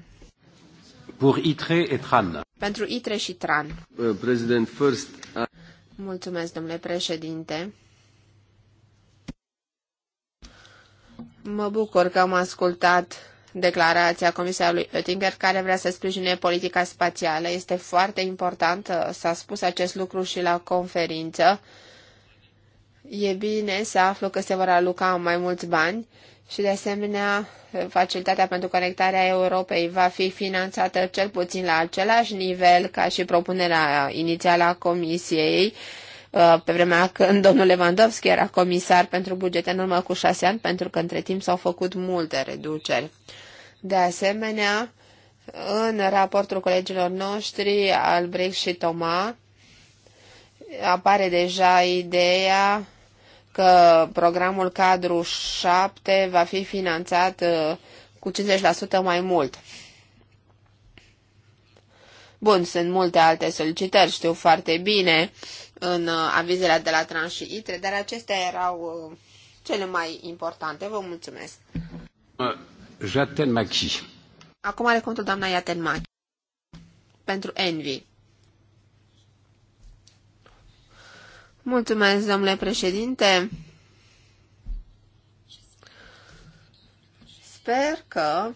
Pour ITRE et TRAN. Pentru ITRE și TRAN. Uh, President, first... Mulțumesc, domnule președinte. Mă bucur că am ascultat declarația comisarului Oettinger care vrea să sprijine politica spațială. Este foarte important, uh, s-a spus acest lucru și la conferință. E bine să aflu că se vor aluca mai mulți bani și, de asemenea, facilitatea pentru conectarea Europei va fi finanțată cel puțin la același nivel ca și propunerea inițială a Comisiei Uh, pe vremea când domnul Lewandowski era comisar pentru buget în urmă cu șase ani, pentru că între timp s-au făcut multe reduceri. De asemenea, în raportul colegilor noștri, Albrecht și Toma, apare deja ideea că programul cadru 7 va fi finanțat uh, cu 50% mai mult. Bun, sunt multe alte solicitări, știu foarte bine, în uh, avizele de la Trans și ITRE, dar acestea erau uh, cele mai importante. Vă mulțumesc. Uh, Jaten Machi. Acum are contul doamna Jaten Machi. Pentru Envy. Mulțumesc, domnule președinte. Sper că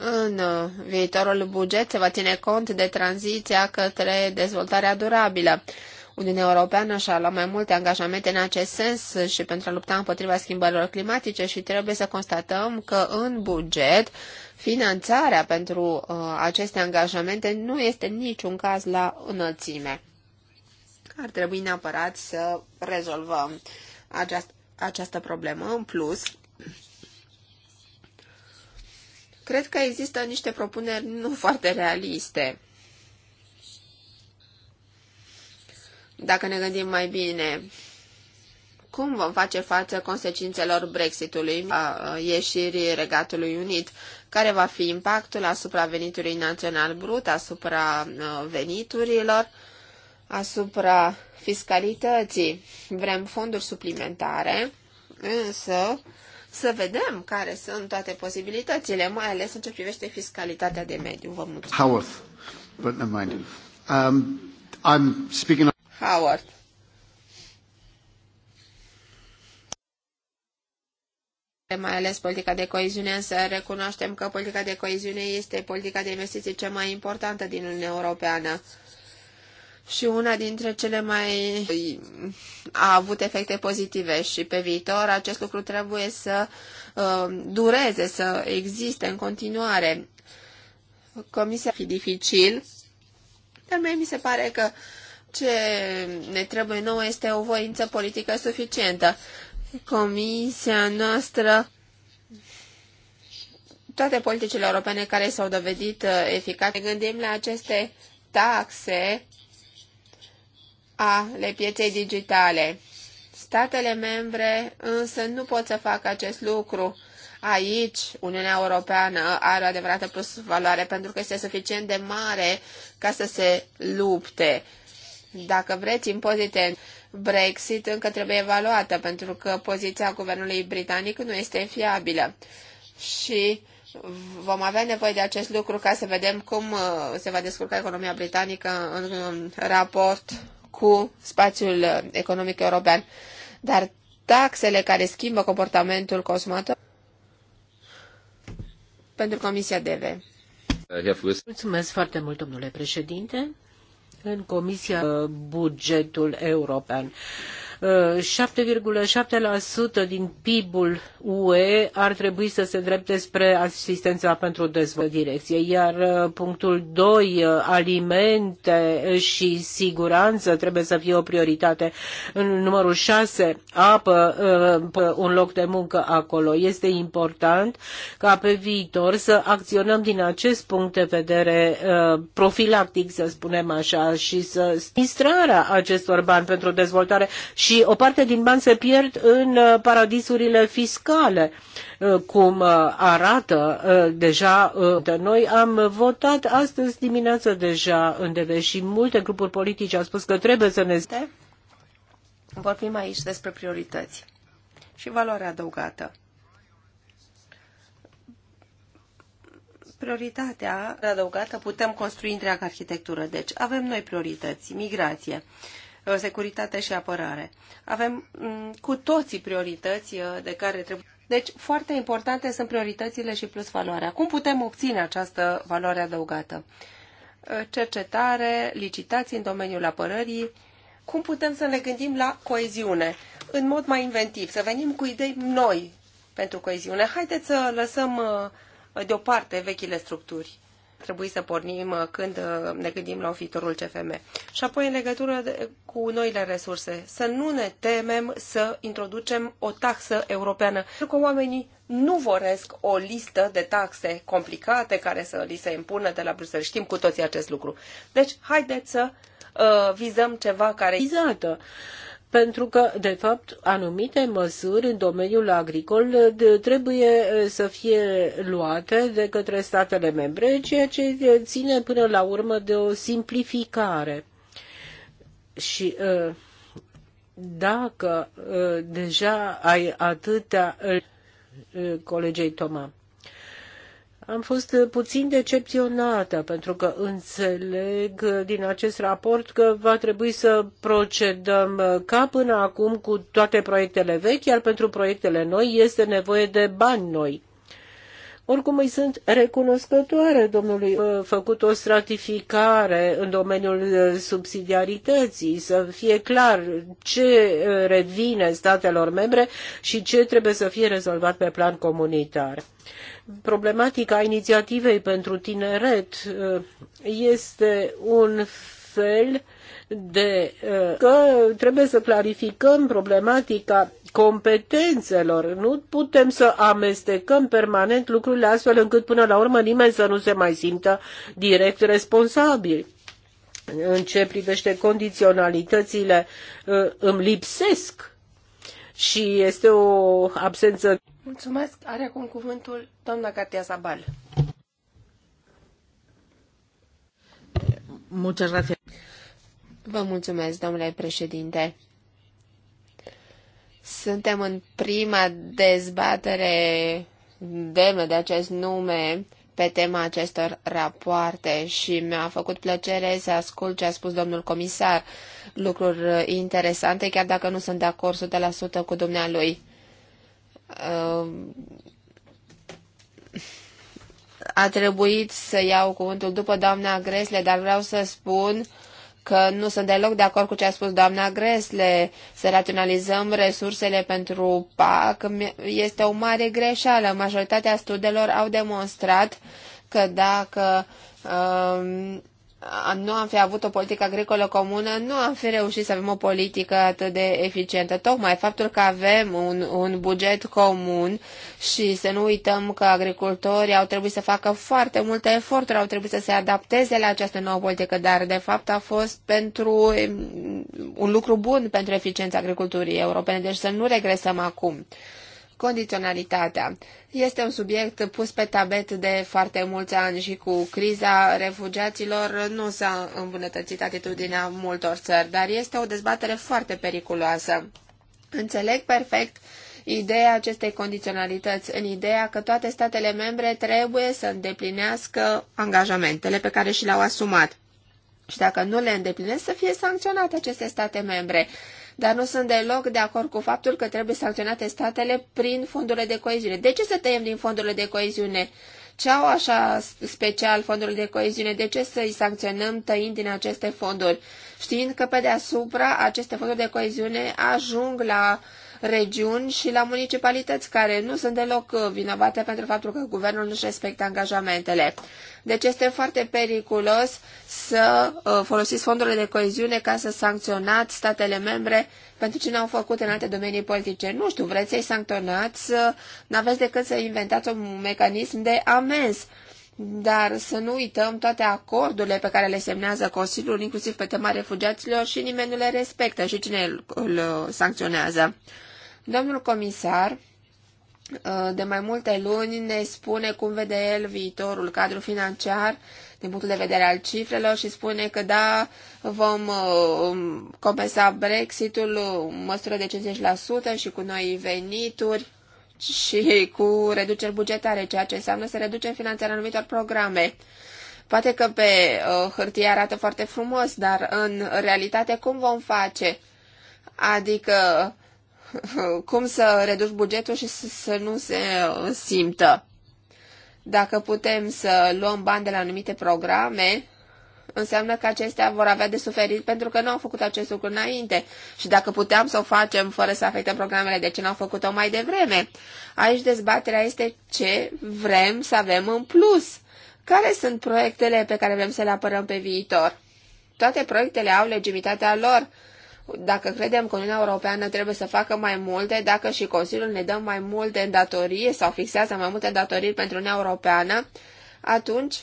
în viitorul buget se va ține cont de tranziția către dezvoltarea durabilă Uniunea Europeană și-a luat mai multe angajamente în acest sens și pentru a lupta împotriva schimbărilor climatice și trebuie să constatăm că în buget finanțarea pentru uh, aceste angajamente nu este în niciun caz la înălțime. Ar trebui neapărat să rezolvăm aceast această problemă. În plus, cred că există niște propuneri nu foarte realiste dacă ne gândim mai bine cum vom face față consecințelor Brexitului, a ieșirii Regatului Unit, care va fi impactul asupra venitului național brut, asupra veniturilor, asupra fiscalității. Vrem fonduri suplimentare, însă să vedem care sunt toate posibilitățile, mai ales în ce privește fiscalitatea de mediu. Vă mulțumesc. Howarth, but no mind. Um, I'm speaking Howard. mai ales politica de coeziune, însă recunoaștem că politica de coeziune este politica de investiții cea mai importantă din Uniunea Europeană și una dintre cele mai a avut efecte pozitive și pe viitor acest lucru trebuie să uh, dureze, să existe în continuare. Comisia fi dificil, dar mie mi se pare că uh, ce ne trebuie nouă este o voință politică suficientă. Comisia noastră, toate politicile europene care s-au dovedit uh, eficace, gândim la aceste taxe ale pieței digitale. Statele membre însă nu pot să facă acest lucru. Aici, Uniunea Europeană are o adevărată plus valoare pentru că este suficient de mare ca să se lupte dacă vreți impozite Brexit încă trebuie evaluată, pentru că poziția guvernului britanic nu este fiabilă. Și vom avea nevoie de acest lucru ca să vedem cum uh, se va descurca economia britanică în raport cu spațiul uh, economic european. Dar taxele care schimbă comportamentul consumator pentru Comisia DV. Mulțumesc foarte mult, domnule președinte în Comisia uh, Bugetul European. 7,7% din PIB-ul UE ar trebui să se drepte spre asistența pentru dezvoltare direcție, iar uh, punctul doi, uh, alimente și siguranță trebuie să fie o prioritate. În numărul șase, apă, uh, un loc de muncă acolo. Este important ca pe viitor să acționăm din acest punct de vedere profilactic, să spunem așa, și să administrarea acestor bani pentru dezvoltare și și o parte din bani se pierd în uh, paradisurile fiscale, uh, cum uh, arată deja. Noi am votat astăzi dimineață deja în DV și multe grupuri politice au spus că trebuie să ne... Vorbim aici despre priorități și valoarea adăugată. prioritatea adăugată putem construi întreaga arhitectură. Deci avem noi priorități, migrație, Uh, securitate și apărare. Avem mm, cu toții priorități uh, de care trebuie. Deci, foarte importante sunt prioritățile și plus valoarea. Cum putem obține această valoare adăugată? Uh, cercetare, licitații în domeniul apărării. Cum putem să ne gândim la coeziune în mod mai inventiv, să venim cu idei noi pentru coeziune? Haideți să lăsăm deoparte vechile structuri trebui să pornim uh, când uh, ne gândim la viitorul CFM. Și apoi, în legătură cu noile resurse, să nu ne temem să introducem o taxă europeană, pentru că oamenii nu voresc o listă de taxe complicate care să li se impună de la Bruxelles. Știm cu toții acest lucru. Deci, haideți să uh, vizăm ceva care vizată pentru că, de fapt, anumite măsuri în domeniul agricol uh, trebuie uh, să fie luate de către statele membre, ceea ce uh, ține până la urmă de o simplificare. Și dacă deja ai atâtea colegei Toma. Am fost puțin decepționată pentru că înțeleg din acest raport că va trebui să procedăm ca până acum cu toate proiectele vechi, iar pentru proiectele noi este nevoie de bani noi. Oricum îi sunt recunoscătoare domnului uh, făcut o stratificare în domeniul uh, subsidiarității, să fie clar ce uh, revine statelor membre și ce trebuie să fie rezolvat pe plan comunitar. Problematica inițiativei pentru tineret este un fel de că trebuie să clarificăm problematica competențelor. Nu putem să amestecăm permanent lucrurile astfel încât până la urmă nimeni să nu se mai simtă direct responsabil. În ce privește condiționalitățile, ă, îmi lipsesc și este o absență. Mulțumesc. Are acum cuvântul doamna Catia Sabal. Muchas gracias. Vă mulțumesc, domnule președinte. Suntem în prima dezbatere demnă de acest nume pe tema acestor rapoarte și mi-a făcut plăcere să ascult ce a spus domnul comisar. Lucruri interesante, chiar dacă nu sunt de acord 100% cu dumnealui. Uh, a trebuit să iau cuvântul după doamna Gresle, dar vreau să spun uh, că nu sunt deloc de acord cu ce a spus doamna Gresle, să raționalizăm resursele pentru PAC, este o mare greșeală. Majoritatea studiilor au demonstrat că dacă Uh, nu am fi avut o politică agricolă comună, nu am fi reușit să avem o politică atât de eficientă. Tocmai faptul că avem un, un buget comun și să nu uităm că agricultorii au trebuit să facă foarte multe eforturi, au trebuit să se adapteze la această nouă politică, dar de fapt a fost pentru um, un lucru bun pentru eficiența agriculturii europene, deci să nu regresăm acum. Condiționalitatea este un subiect pus pe tabet de foarte mulți ani și cu criza refugiaților nu s-a îmbunătățit atitudinea multor țări, dar este o dezbatere foarte periculoasă. Înțeleg perfect ideea acestei condiționalități în ideea că toate statele membre trebuie să îndeplinească angajamentele pe care și le-au asumat. Și dacă nu le îndeplinesc, să fie sancționate aceste state membre dar nu sunt deloc de acord cu faptul că trebuie sancționate statele prin fondurile de coeziune. De ce să tăiem din fondurile de coeziune? Ce au așa special fondurile de coeziune? De ce să-i sancționăm tăind din aceste fonduri? Știind că pe deasupra aceste fonduri de coeziune ajung la uh, regiuni și la municipalități care nu sunt deloc uh, vinovate pentru faptul că guvernul nu-și respectă angajamentele. Deci este foarte periculos să uh, folosiți fondurile de coeziune ca să sancționați statele membre pentru ce n-au făcut în alte domenii politice. Nu știu, vreți să-i sancționați, n-aveți decât să inventați un mecanism de amenzi dar să nu uităm toate acordurile pe care le semnează Consiliul, inclusiv pe tema refugiaților, și nimeni nu le respectă și cine îl, îl uh, sancționează. Domnul comisar, uh, de mai multe luni ne spune cum vede el viitorul cadru financiar din punctul de vedere al cifrelor și spune că da, vom uh, compensa Brexitul, măsură de 50% și cu noi venituri, și cu reduceri bugetare, ceea ce înseamnă să reducem finanțarea anumitor programe. Poate că pe uh, hârtie arată foarte frumos, dar în realitate cum vom face? Adică cum să reduci bugetul și să, să nu se uh, simtă? Dacă putem să luăm bani de la anumite programe, înseamnă că acestea vor avea de suferit pentru că nu au făcut acest lucru înainte. Și dacă puteam să o facem fără să afectăm programele, de ce n-au făcut-o mai devreme? Aici dezbaterea este ce vrem să avem în plus. Care sunt proiectele pe care vrem să le apărăm pe viitor? Toate proiectele au legitimitatea lor. Dacă credem că Uniunea Europeană trebuie să facă mai multe, dacă și Consiliul ne dă mai multe datorii sau fixează mai multe datorii pentru Uniunea Europeană, atunci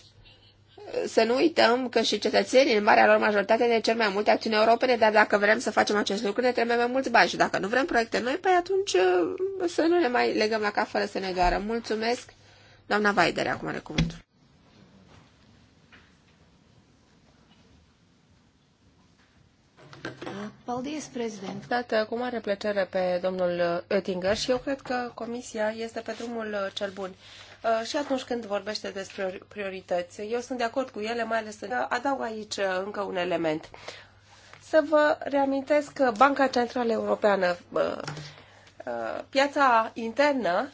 să nu uităm că și cetățenii, în marea lor majoritate, ne cer mai multe acțiuni europene, dar dacă vrem să facem acest lucru, ne trebuie mai mulți bani și dacă nu vrem proiecte noi, păi atunci uh, să nu ne mai legăm la cap fără să ne doară. Mulțumesc, doamna Vaidere, acum are cuvântul. Paldies, Dată cu mare plăcere pe domnul Oettinger și eu cred că comisia este pe drumul uh, cel bun. Uh, și atunci când vorbește despre priorități. Eu sunt de acord cu ele, mai ales că adaug aici uh, încă un element. Să vă reamintesc că Banca Centrală Europeană, uh, piața internă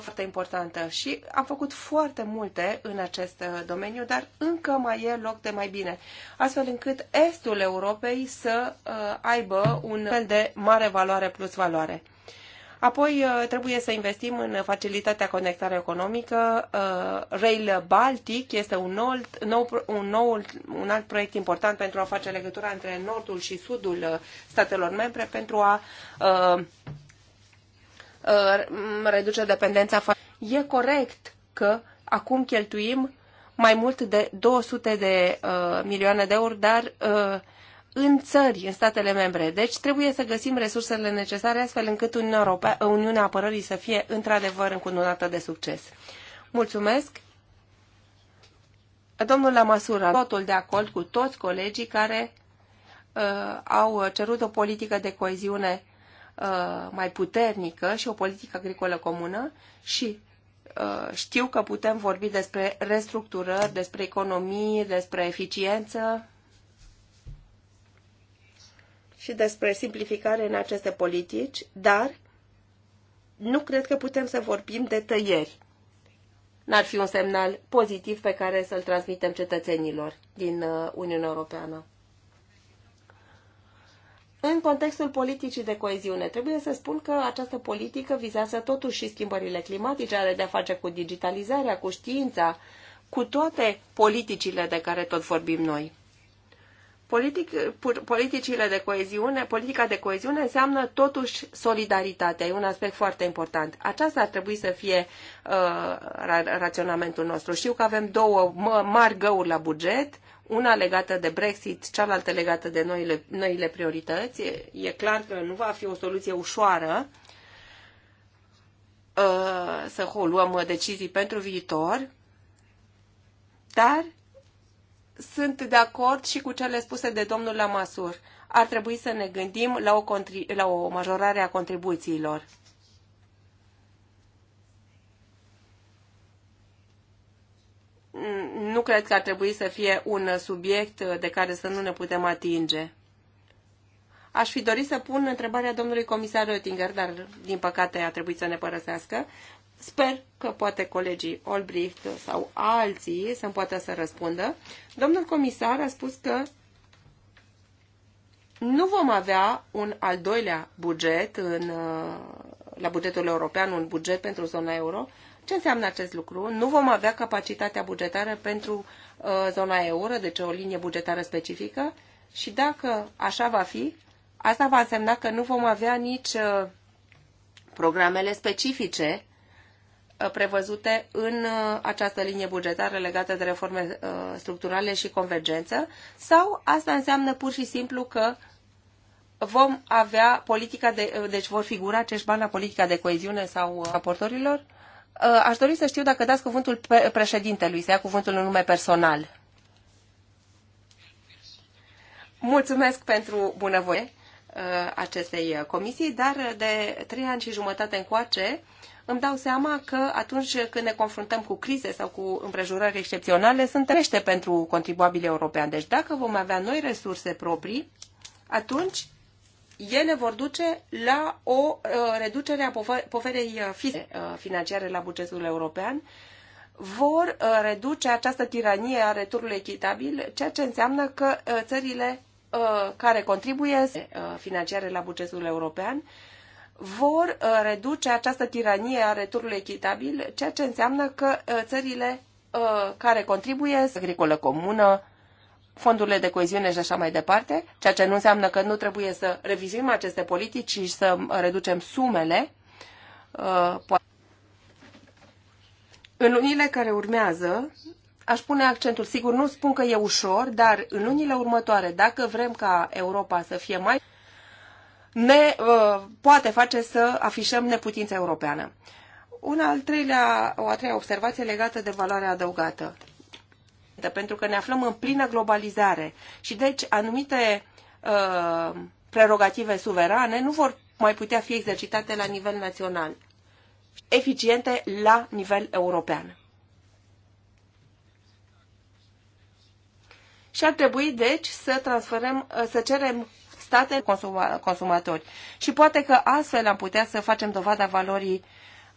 foarte importantă și am făcut foarte multe în acest domeniu, dar încă mai e loc de mai bine, astfel încât estul Europei să aibă un fel de mare valoare plus valoare. Apoi uh, trebuie să investim în facilitatea conectare economică. Uh, Rail Baltic este un, old, nou, un, nou, un alt proiect important pentru a face legătura între nordul și sudul uh, statelor membre pentru a reduce dependența. E corect că acum cheltuim mai mult de 200 de uh, milioane de euro, dar uh, în țări, în statele membre. Deci trebuie să găsim resursele necesare astfel încât Uniunea, Europea, Uniunea Apărării să fie într-adevăr încununată de succes. Mulțumesc! Domnul Lamasura, totul de acord cu toți colegii care uh, au cerut o politică de coeziune uh, mai puternică și o politică agricolă comună și uh, știu că putem vorbi despre restructurări, despre economii, despre eficiență și despre simplificare în aceste politici, dar nu cred că putem să vorbim de tăieri. N-ar fi un semnal pozitiv pe care să-l transmitem cetățenilor din uh, Uniunea Europeană. În contextul politicii de coeziune, trebuie să spun că această politică vizează totuși și schimbările climatice, are de-a face cu digitalizarea, cu știința, cu toate politicile de care tot vorbim noi. Politic, politicile de coeziune, politica de coeziune înseamnă totuși solidaritatea, e un aspect foarte important. Aceasta ar trebui să fie uh, raționamentul nostru. Știu că avem două mari găuri la buget, una legată de Brexit, cealaltă legată de noile, noile priorități. E, e clar că nu va fi o soluție ușoară uh, să luăm decizii pentru viitor, dar sunt de acord și cu cele spuse de domnul Lamasur. Ar trebui să ne gândim la o, la o majorare a contribuțiilor. Nu cred că ar trebui să fie un subiect de care să nu ne putem atinge. Aș fi dorit să pun întrebarea domnului comisar Oettinger, dar din păcate a trebuit să ne părăsească. Sper că poate colegii Olbricht sau alții să-mi poată să răspundă. Domnul comisar a spus că nu vom avea un al doilea buget în, la bugetul european, un buget pentru zona euro. Ce înseamnă acest lucru? Nu vom avea capacitatea bugetară pentru uh, zona euro, deci o linie bugetară specifică. Și dacă așa va fi, asta va însemna că nu vom avea nici uh, programele specifice Uh, prevăzute în uh, această linie bugetară legată de reforme uh, structurale și convergență sau asta înseamnă pur și simplu că vom avea politica de, deci vor figura acești bani la politica de coeziune sau raportorilor? Aș dori să știu dacă dați cuvântul președintelui, să ia cuvântul în nume personal. Mulțumesc pentru bunăvoie acestei comisii, dar de trei ani și jumătate încoace îmi dau seama că atunci când ne confruntăm cu crize sau cu împrejurări excepționale, sunt crește pentru contribuabile europeni. Deci dacă vom avea noi resurse proprii, atunci ele vor duce la o uh, reducere a uh, uh, financiare la bugetul european, vor uh, reduce această tiranie a returului echitabil, ceea ce înseamnă că țările care contribuie financiare la bugetul european vor uh, reduce această tiranie a returului echitabil, ceea ce înseamnă că uh, țările uh, care contribuie, agricolă comună, fondurile de coeziune și așa mai departe, ceea ce nu înseamnă că nu trebuie să revizuim aceste politici și să reducem sumele. În lunile care urmează, aș pune accentul, sigur nu spun că e ușor, dar în lunile următoare, dacă vrem ca Europa să fie mai ne uh, poate face să afișăm neputința europeană. Una al treilea, o a treia observație legată de valoarea adăugată. Pentru că ne aflăm în plină globalizare și deci anumite uh, prerogative suverane nu vor mai putea fi exercitate la nivel național, eficiente la nivel european. Și ar trebui, deci, să transferăm, să cerem state consuma, consumatori. Și poate că astfel am putea să facem dovada valorii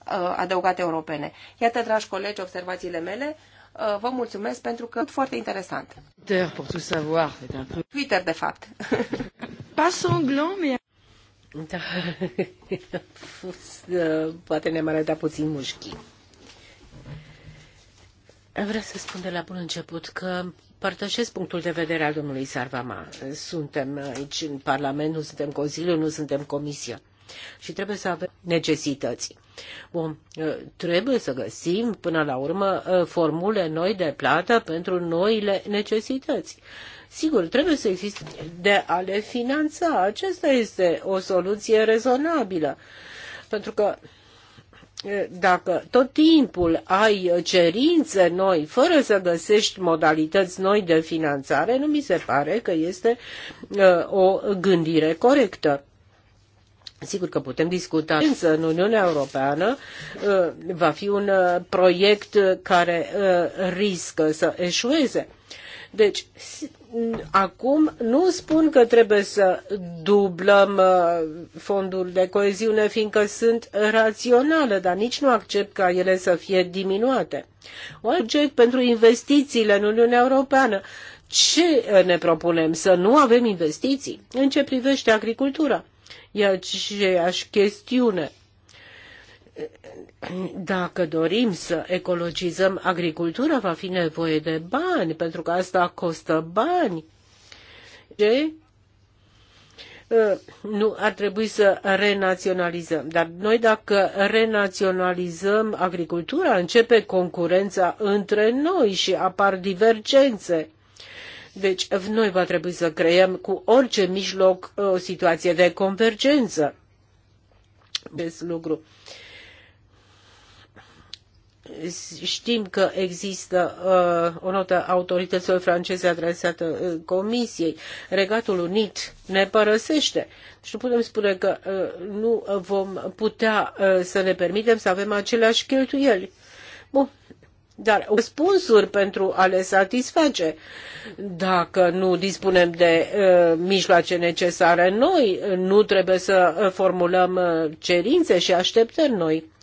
uh, adăugate europene. Iată, dragi colegi, observațiile mele. Uh, vă mulțumesc pentru că foarte interesant. Twitter, de fapt. Pas sanglant, mais... Da, a fost, uh, poate ne-am arătat puțin mușchi. Vreau să spun de la bun început că părtășesc punctul de vedere al domnului Sarvama. Suntem aici în Parlament, nu suntem Consiliu, nu suntem Comisia. Și trebuie să avem necesități. Bun, ă, trebuie să găsim până la urmă ă, formule noi de plată pentru noile necesități. Sigur, trebuie să existe de a le finanța. Aceasta este o soluție rezonabilă. Pentru că dacă tot timpul ai cerințe noi, fără să găsești modalități noi de finanțare, nu mi se pare că este uh, o gândire corectă. Sigur că putem discuta, însă în Uniunea Europeană uh, va fi un uh, proiect care riscă să eșueze. Deci, acum nu spun că trebuie să dublăm uh, fondul de coeziune, fiindcă sunt raționale, dar nici nu accept ca ele să fie diminuate. O accept pentru investițiile în Uniunea Europeană. Ce ne propunem? Să nu avem investiții în ce privește agricultura. E aceeași chestiune dacă dorim să ecologizăm agricultura, va fi nevoie de bani, pentru că asta costă bani. Ce? Ă, nu ar trebui să renaționalizăm. Dar noi dacă renaționalizăm agricultura, începe concurența între noi și apar divergențe. Deci noi va trebui să creăm cu orice mijloc ă, o situație de convergență. Acest lucru. Uh, Știm că există uh, o notă autorităților franceze adresată uh, Comisiei. Regatul Unit ne părăsește și deci nu putem spune că uh, nu vom putea uh, să ne permitem să avem aceleași cheltuieli. Bun. Dar răspunsuri pentru a le satisface. Dacă nu dispunem de uh, mijloace necesare noi, nu trebuie să uh, formulăm uh, cerințe și așteptări noi. Uh,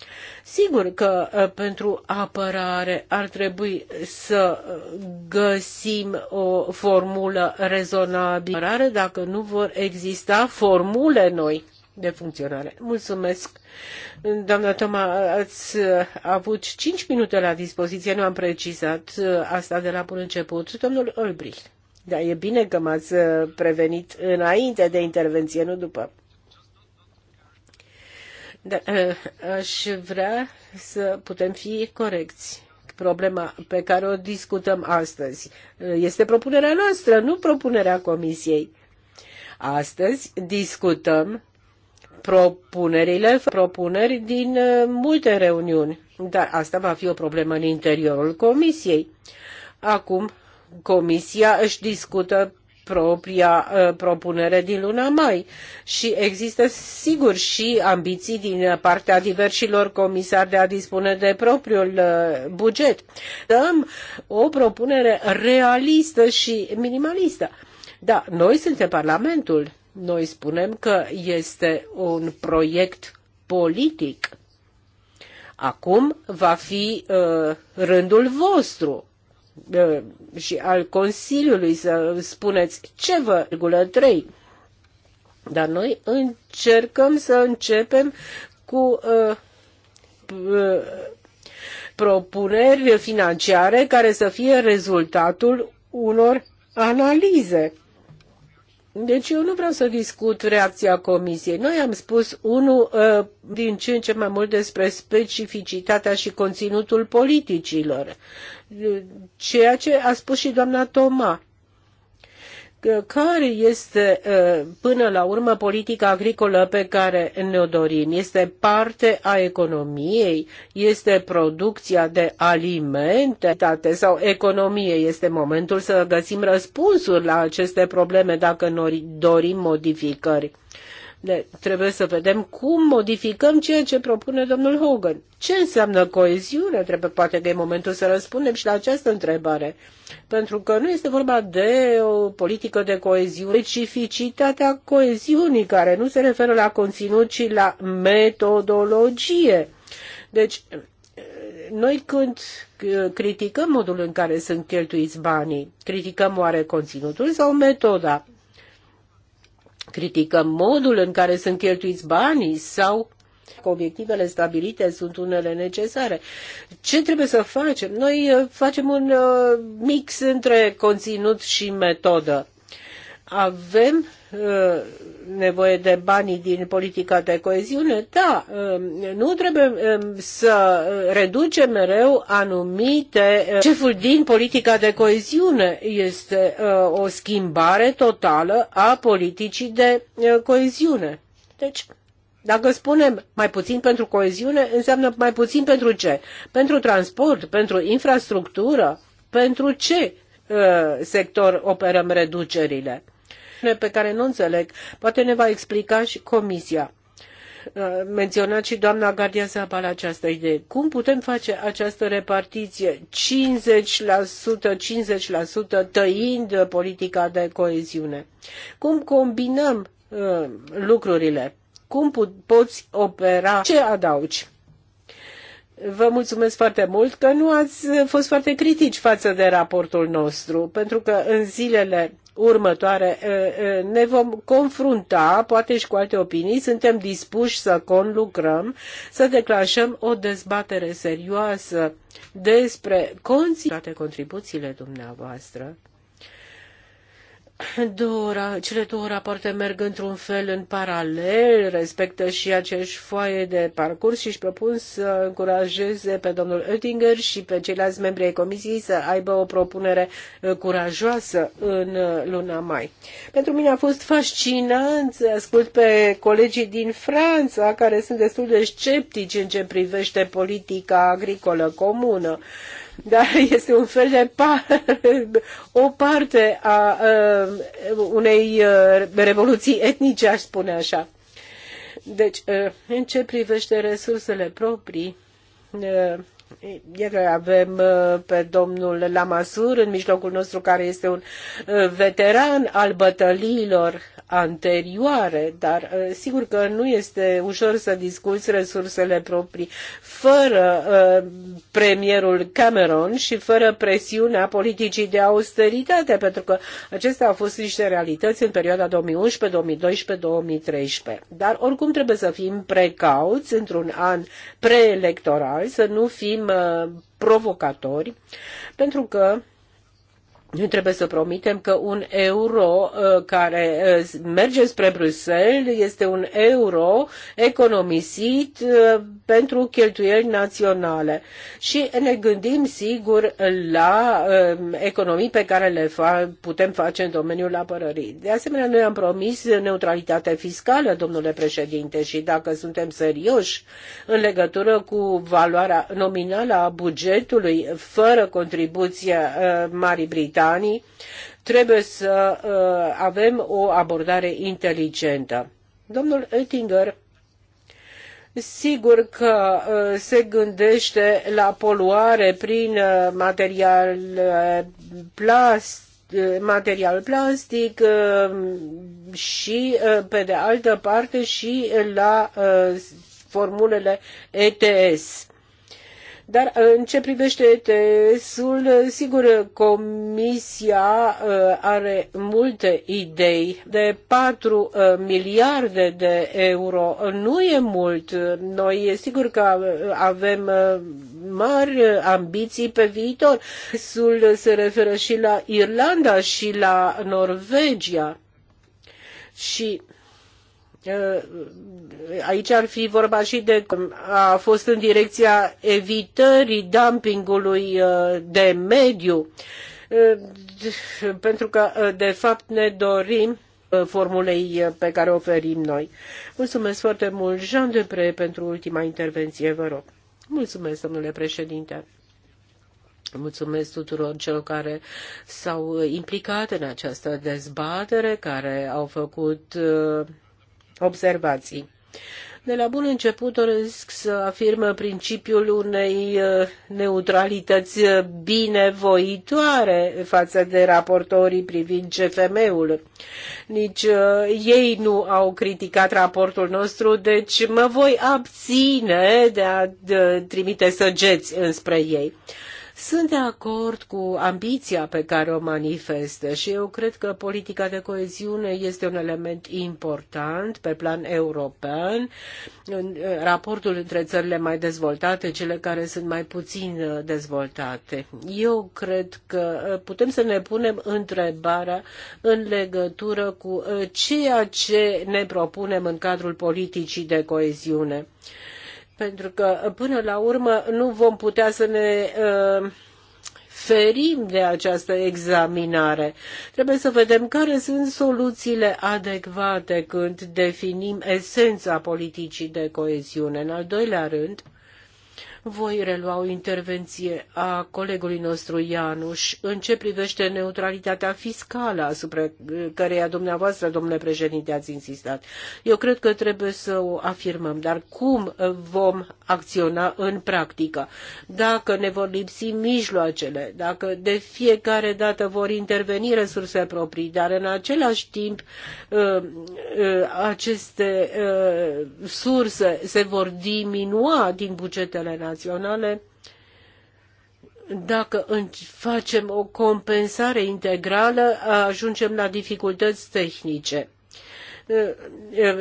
Sigur că uh, pentru apărare ar trebui să uh, găsim o formulă rezonabilă, dacă nu vor exista formule noi de funcționare. Mulțumesc. Doamna Toma, ați uh, avut 5 minute la dispoziție, nu am precizat asta de la bun început. Domnul Olbrich. Da, e bine că m-ați prevenit înainte de intervenție, nu după. Da, eh, aș vrea să putem fi corecți. Problema pe care o discutăm astăzi eh, este propunerea noastră, nu propunerea Comisiei. Astăzi discutăm propunerile, propuneri din eh, multe reuniuni, dar asta va fi o problemă în interiorul Comisiei. Acum Comisia își discută propria uh, propunere din luna mai. Și există sigur și ambiții din partea diversilor comisari de a dispune de propriul uh, buget. Dăm o propunere realistă și minimalistă. Da, noi suntem Parlamentul. Noi spunem că este un proiect politic Acum va fi uh, rândul vostru Uh, și al Consiliului să spuneți ce vă regulă trei, Dar noi încercăm să începem cu uh, uh, propuneri financiare care să fie rezultatul unor analize deci eu nu vreau să discut reacția Comisiei. Noi am spus, unul, uh, din ce în ce mai mult despre specificitatea și conținutul politicilor, ceea ce a spus și doamna Toma care este până la urmă politica agricolă pe care ne-o dorim? Este parte a economiei? Este producția de alimente sau economie? Este momentul să găsim răspunsuri la aceste probleme dacă noi dorim modificări de, trebuie să vedem cum modificăm ceea ce propune domnul Hogan. Ce înseamnă coeziune? Trebuie poate că e momentul să răspundem și la această întrebare. Pentru că nu este vorba de o politică de coeziune, specificitatea coeziunii, care nu se referă la conținut, ci la metodologie. Deci, noi când criticăm modul în care sunt cheltuiți banii, criticăm oare conținutul sau metoda? criticăm modul în care sunt cheltuiți banii sau obiectivele stabilite sunt unele necesare. Ce trebuie să facem? Noi uh, facem un uh, mix între conținut și metodă. Avem Uh, nevoie de banii din politica de coeziune? Da, um, nu trebuie um, să reducem mereu anumite. Uh, Ceful din politica de coeziune este uh, o schimbare totală a politicii de coeziune. Deci, dacă spunem mai puțin pentru coeziune, înseamnă mai puțin pentru ce? Pentru transport, pentru infrastructură, pentru ce sector operăm reducerile? pe care nu înțeleg. Poate ne va explica și Comisia menționat și doamna Gardia Zabal această idee. Cum putem face această repartiție 50%, 50% tăind politica de coeziune? Cum combinăm uh, lucrurile? Cum put, poți opera? Ce adaugi? Vă mulțumesc foarte mult că nu ați fost foarte critici față de raportul nostru, pentru că în zilele următoare ne vom confrunta, poate și cu alte opinii, suntem dispuși să conlucrăm, să declanșăm o dezbatere serioasă despre toate contribuțiile dumneavoastră două, cele două rapoarte merg într-un fel în paralel, respectă și acești foaie de parcurs și își propun să încurajeze pe domnul Oettinger și pe ceilalți membri ai comisiei să aibă o propunere uh, curajoasă în uh, luna mai. Pentru mine a fost fascinant să ascult pe colegii din Franța, care sunt destul de sceptici în ce privește politica agricolă comună. Uh, dar este un fel de par, o parte a uh, unei uh, revoluții etnice, aș spune așa. Deci, uh, în ce privește resursele proprii, ieri avem uh, pe domnul Lamasur în mijlocul nostru, care este un uh, veteran al bătăliilor anterioare, dar uh, sigur că nu este ușor să discuți resursele proprii fără premierul Cameron și fără presiunea politicii de austeritate, pentru că acestea au fost niște realități în perioada 2011, 2012, 2013. Dar oricum trebuie să fim precauți într-un an preelectoral, să nu fim Uh, provocatori, pentru că nu trebuie să promitem că un euro uh, care uh, merge spre Bruxelles este un euro economisit uh, pentru cheltuieli naționale. Și ne gândim sigur la economii pe care le putem face în domeniul apărării. De asemenea, noi am promis neutralitate fiscală, domnule președinte, și dacă suntem serioși în legătură cu valoarea nominală a bugetului fără contribuția Marii Britanii, Britanii, trebuie să uh, avem o abordare inteligentă. Domnul Oettinger Sigur că uh, se gândește la poluare prin uh, material plastic material plastic și, pe de altă parte, și la formulele ETS. Dar uh, în ce privește ets ul sigur, Comisia uh, are multe idei. De 4 uh, miliarde de euro nu e mult. Noi sigur că avem mari ambiții pe viitor. ets ul se referă și la Irlanda și la Norvegia. Și Uh, aici ar fi vorba și de a fost în direcția evitării dumpingului uh, de mediu uh, pentru că de fapt ne dorim formulei pe care o oferim noi. Mulțumesc foarte mult, Jean Depre, pentru ultima intervenție, vă rog. Mulțumesc, domnule președinte. Mulțumesc tuturor celor care s-au implicat în această dezbatere, care au făcut uh, observații. De la bun început doresc să afirmă principiul unei uh, neutralități binevoitoare față de raportorii privind CFM-ul. Nici uh, ei nu au criticat raportul nostru, deci mă voi abține de a trimite săgeți înspre ei. Sunt de acord cu ambiția pe care o manifestă și eu cred că politica de coeziune este un element important pe plan european, în raportul între țările mai dezvoltate, cele care sunt mai puțin uh, dezvoltate. Eu cred că uh, putem să ne punem întrebarea în legătură cu uh, ceea ce ne propunem în cadrul politicii de coeziune pentru că până la urmă nu vom putea să ne uh, ferim de această examinare. Trebuie să vedem care sunt soluțiile adecvate când definim esența politicii de coeziune. În al doilea rând, voi relua o intervenție a colegului nostru Ianuș în ce privește neutralitatea fiscală asupra eh, căreia dumneavoastră, domnule președinte, ați insistat. Eu cred că trebuie să o afirmăm, dar cum eh, vom acționa în practică? Dacă ne vor lipsi mijloacele, dacă de fiecare dată vor interveni resurse proprii, dar în același timp eh, aceste surse se vor diminua din bugetele naționale, naționale, dacă facem o compensare integrală, ajungem la dificultăți tehnice.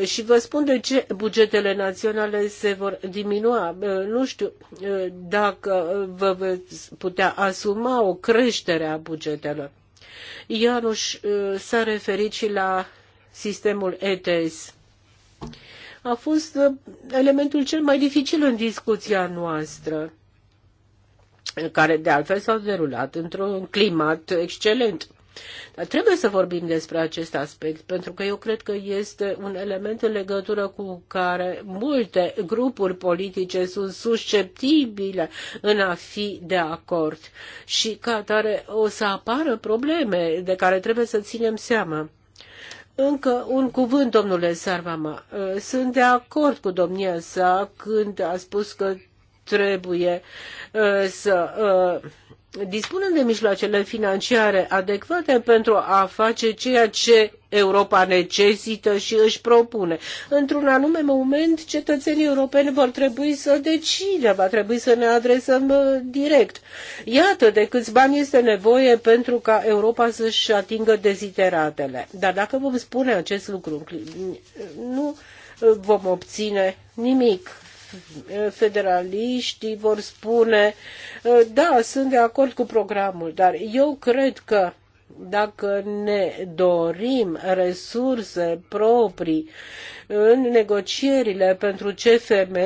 Și vă spun de ce bugetele naționale se vor diminua. Nu știu dacă vă veți putea asuma o creștere a bugetelor. Ianuș s-a referit și la sistemul ETS a fost uh, elementul cel mai dificil în discuția noastră, care de altfel s a derulat într-un climat excelent. Dar trebuie să vorbim despre acest aspect, pentru că eu cred că este un element în legătură cu care multe grupuri politice sunt susceptibile în a fi de acord și ca atare o să apară probleme de care trebuie să ținem seama. Încă un cuvânt, domnule Sarvama. Uh, sunt de acord cu domnia sa când a spus că trebuie uh, să uh, dispunem de mijloacele financiare adecvate pentru a face ceea ce Europa necesită și își propune. Într-un anume moment, cetățenii europeni vor trebui să decidă, va trebui să ne adresăm uh, direct. Iată de câți bani este nevoie pentru ca Europa să-și atingă dezideratele. Dar dacă vom spune acest lucru, nu uh, vom obține nimic uh, federaliștii vor spune, da, sunt de acord cu programul, dar eu cred că dacă ne dorim resurse proprii în negocierile pentru CFM,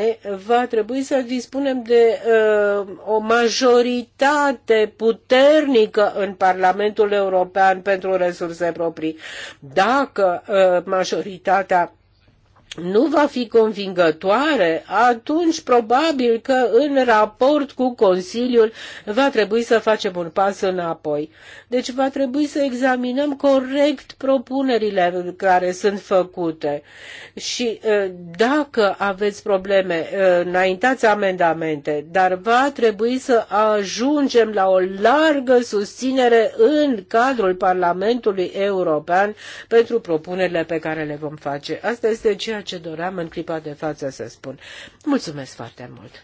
va trebui să dispunem de uh, o majoritate puternică în Parlamentul European pentru resurse proprii. Dacă uh, majoritatea nu va fi convingătoare, atunci probabil că în raport cu Consiliul va trebui să facem un pas înapoi. Deci va trebui să examinăm corect propunerile care sunt făcute. Și uh, dacă aveți probleme, uh, înaintați amendamente, dar va trebui să ajungem la o largă susținere în cadrul Parlamentului European pentru propunerile pe care le vom face. Asta este ceea ce doream în clipa de față să spun. Mulțumesc foarte mult!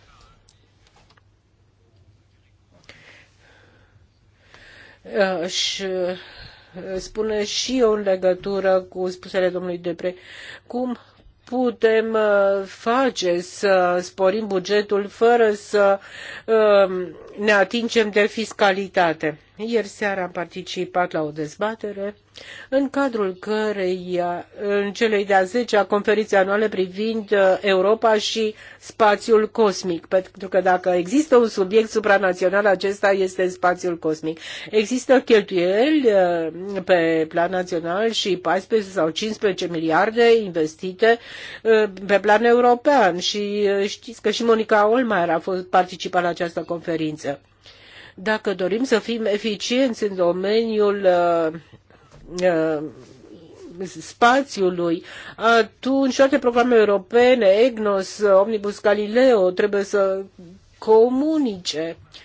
Uh, și uh, spune și eu în legătură cu spusele domnului Depre, cum putem uh, face să sporim bugetul fără să ne atingem de fiscalitate. Ieri seara am participat la o dezbatere în cadrul căreia, în celei de-a 10-a conferințe anuale privind uh, Europa și spațiul cosmic, pentru că dacă există un subiect supranațional, acesta este spațiul cosmic. Există cheltuieli uh, pe plan național și 14 sau 15 miliarde investite uh, pe plan european și știți că și Monica Olmaier a fost participat la această conferință. Dacă dorim să fim eficienți în domeniul uh, uh, spațiului, atunci toate programele europene, EGNOS, Omnibus Galileo, trebuie să comunice uh,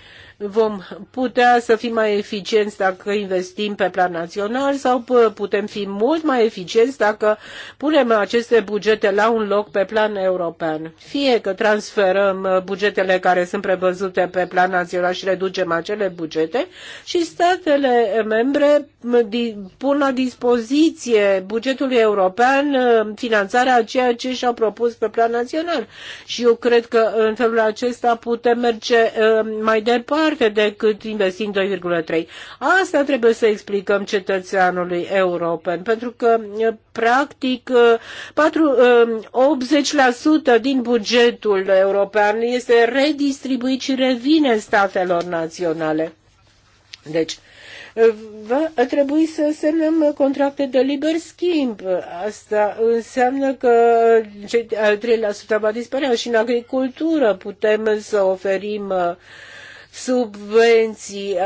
vom putea să fim mai eficienți dacă investim pe plan național sau putem fi mult mai eficienți dacă punem aceste bugete la un loc pe plan european. Fie că transferăm uh, bugetele care sunt prevăzute pe plan național și reducem acele bugete și statele membre pun la dispoziție bugetului european uh, finanțarea a ceea ce și-au propus pe plan național. Și eu cred că în felul acesta putem merge uh, mai departe marge decât investind 2,3. Asta trebuie să explicăm cetățeanului european, pentru că practic 4, 80% din bugetul european este redistribuit și revine statelor naționale. Deci, va trebui să semnăm contracte de liber schimb. Asta înseamnă că 3% va dispărea și în agricultură putem să oferim subvenții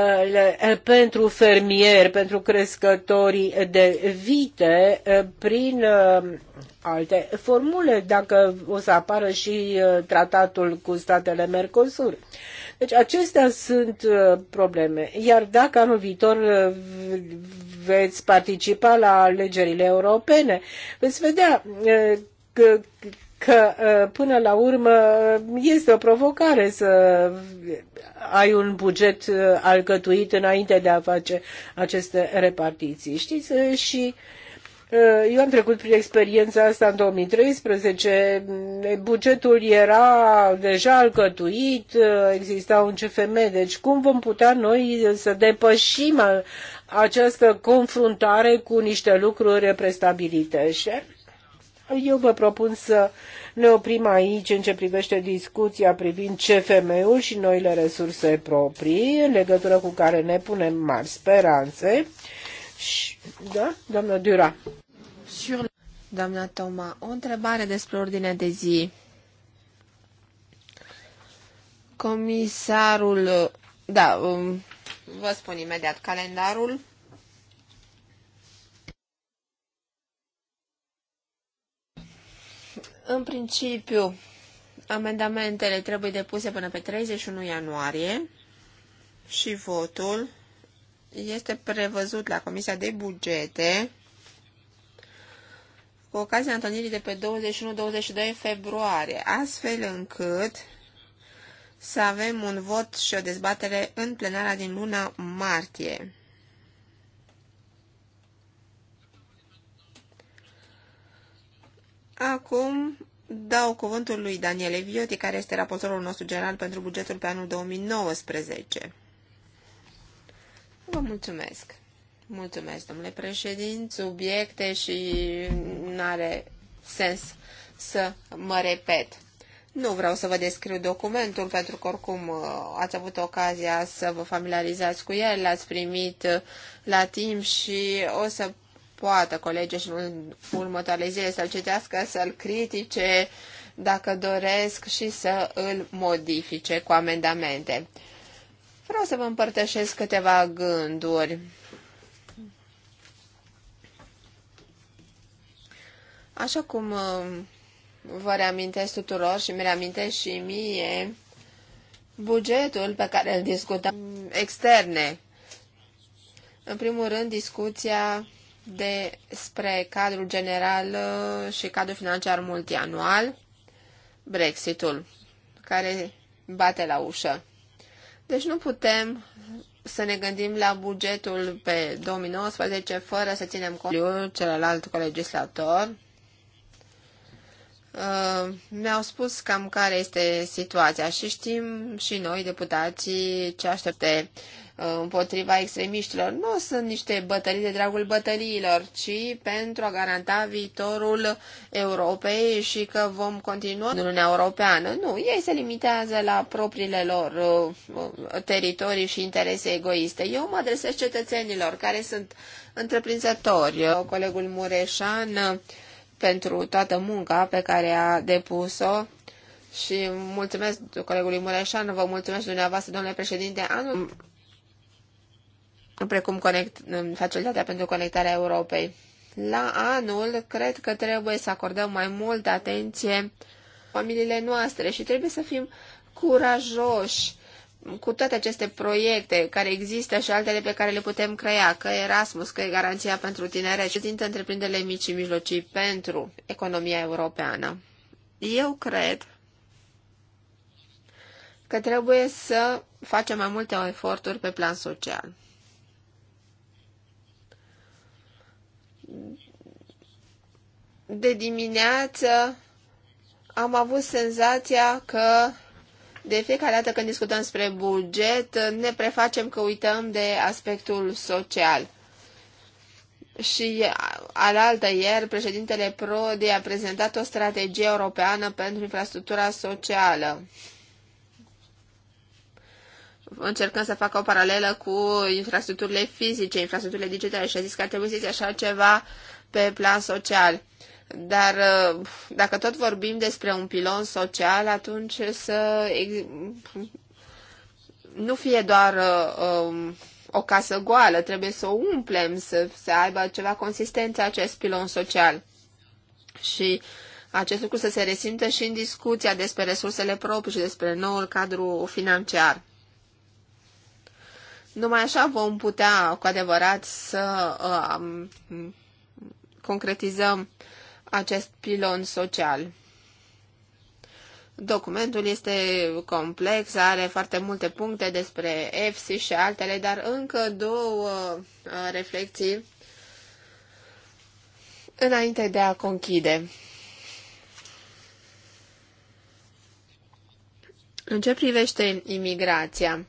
eh, pentru fermieri, pentru crescătorii de vite eh, prin eh, alte formule, dacă o să apară și tratatul cu statele Mercosur. Deci acestea sunt probleme. Iar dacă anul viitor veți participa la alegerile europene, veți vedea că că ă, până la urmă este o provocare să ai un buget ă, alcătuit înainte de a face aceste repartiții. Știți? Ă, și eu am trecut prin experiența asta în 2013. Bugetul era deja alcătuit, exista un CFM. Deci cum vom putea noi să depășim această confruntare cu niște lucruri prestabilite? Și eu vă propun să ne oprim aici în ce privește discuția privind CFM-ul și noile resurse proprii, în legătură cu care ne punem mari speranțe. Și, da, doamna Dura. Doamna Toma, o întrebare despre ordinea de zi. Comisarul, da, um, vă spun imediat calendarul. În principiu, amendamentele trebuie depuse până pe 31 ianuarie și votul este prevăzut la Comisia de Bugete cu ocazia întâlnirii de pe 21-22 februarie, astfel încât să avem un vot și o dezbatere în plenara din luna martie. Acum dau cuvântul lui Daniele Vioti, care este raportorul nostru general pentru bugetul pe anul 2019. Vă mulțumesc. Mulțumesc, domnule președinte, subiecte și nu are sens să mă repet. Nu vreau să vă descriu documentul, pentru că oricum uh, ați avut ocazia să vă familiarizați cu el, l-ați primit uh, la timp și o să poată colegii și în următoarele zile să-l citească, să-l critique, dacă doresc și să îl modifice cu amendamente. Vreau să vă împărtășesc câteva gânduri. Așa cum uh, vă reamintesc tuturor și mi reamintesc și mie, bugetul pe care îl discutăm externe. În primul rând, discuția despre cadrul general uh, și cadrul financiar multianual, Brexitul, care bate la ușă. Deci nu putem să ne gândim la bugetul pe 2019 fără să ținem cont celălalt colegislator. Uh, mi-au spus cam care este situația și știm și noi, deputații, ce aștepte Uh, împotriva extremiștilor nu sunt niște bătălii de dragul bătăliilor, ci pentru a garanta viitorul Europei și că vom continua în Uniunea Europeană. Nu, ei se limitează la propriile lor uh, teritorii și interese egoiste. Eu mă adresez cetățenilor care sunt întreprinzători. Eu, colegul Mureșan pentru toată munca pe care a depus-o și mulțumesc colegului Mureșan, vă mulțumesc dumneavoastră, domnule președinte, anul precum conect, facilitatea pentru conectarea Europei. La anul, cred că trebuie să acordăm mai multă atenție familiile noastre și trebuie să fim curajoși cu toate aceste proiecte care există și altele pe care le putem crea, că Erasmus, că e garanția pentru tinere, dintre întreprinderile mici și mijlocii pentru economia europeană. Eu cred că trebuie să facem mai multe eforturi pe plan social. de dimineață am avut senzația că de fiecare dată când discutăm despre buget, ne prefacem că uităm de aspectul social. Și alaltă ieri, președintele Prodi a prezentat o strategie europeană pentru infrastructura socială încercând să facă o paralelă cu infrastructurile fizice, infrastructurile digitale și a zis că ar trebui să zice așa ceva pe plan social. Dar uh, dacă tot vorbim despre un pilon social, atunci să nu fie doar uh, um, o casă goală, trebuie să o umplem, să, să aibă ceva consistență acest pilon social. Și acest lucru să se resimtă și în discuția despre resursele proprii și despre noul cadru financiar. Numai așa vom putea cu adevărat să uh, concretizăm acest pilon social. Documentul este complex, are foarte multe puncte despre EFSI și altele, dar încă două uh, reflexii înainte de a conchide. În ce privește imigrația?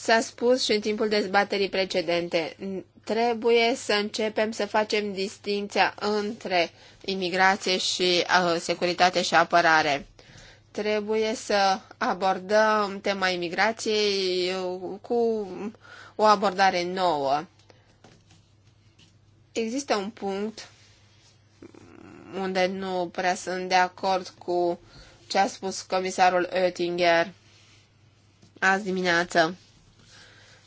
S-a spus și în timpul dezbaterii precedente, trebuie să începem să facem distinția între imigrație și uh, securitate și apărare. Trebuie să abordăm tema imigrației uh, cu o abordare nouă. Există un punct unde nu prea sunt de acord cu ce a spus comisarul Oettinger azi dimineață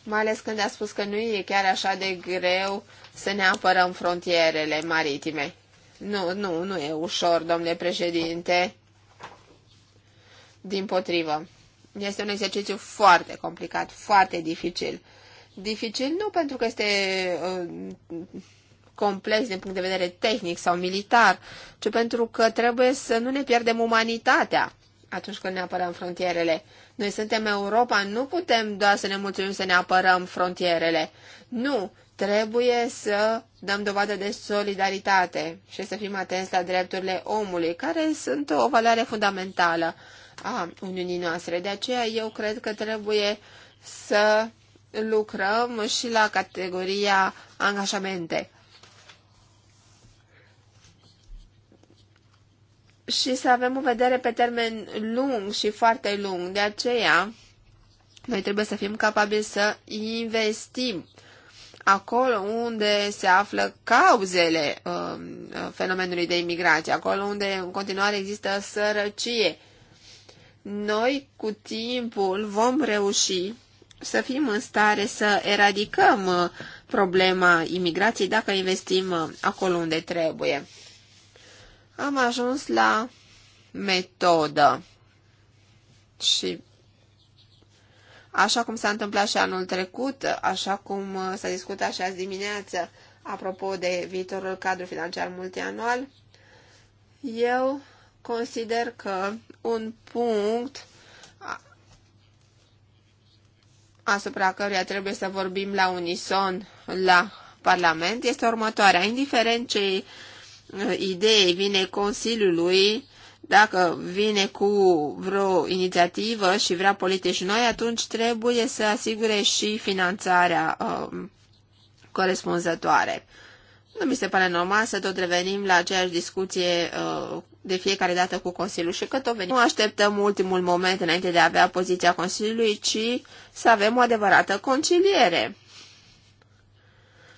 mai ales când a spus că nu e chiar așa de greu să ne apărăm frontierele maritime. Nu, nu, nu e ușor, domnule președinte. Din potrivă. Este un exercițiu foarte complicat, foarte dificil. Dificil nu pentru că este uh, complex din punct de vedere tehnic sau militar, ci pentru că trebuie să nu ne pierdem umanitatea atunci când ne apărăm frontierele. Noi suntem Europa, nu putem doar să ne mulțumim să ne apărăm frontierele. Nu, trebuie să dăm dovadă de solidaritate și să fim atenți la drepturile omului, care sunt o valoare fundamentală a Uniunii noastre. De aceea eu cred că trebuie să lucrăm și la categoria angajamente. și să avem o vedere pe termen lung și foarte lung. De aceea, noi trebuie să fim capabili să investim acolo unde se află cauzele uh, fenomenului de imigrație, acolo unde în continuare există sărăcie. Noi cu timpul vom reuși să fim în stare să eradicăm uh, problema imigrației dacă investim uh, acolo unde trebuie am ajuns la metodă. Și așa cum s-a întâmplat și anul trecut, așa cum s-a discutat și azi dimineață, apropo de viitorul cadru financiar multianual, eu consider că un punct asupra căruia trebuie să vorbim la unison la Parlament este următoarea. Indiferent ce idee vine Consiliului, dacă vine cu vreo inițiativă și vrea politici noi, atunci trebuie să asigure și finanțarea uh, corespunzătoare. Nu mi se pare normal să tot revenim la aceeași discuție uh, de fiecare dată cu Consiliul și că tot venim. Nu așteptăm ultimul moment înainte de a avea poziția Consiliului, ci să avem o adevărată conciliere.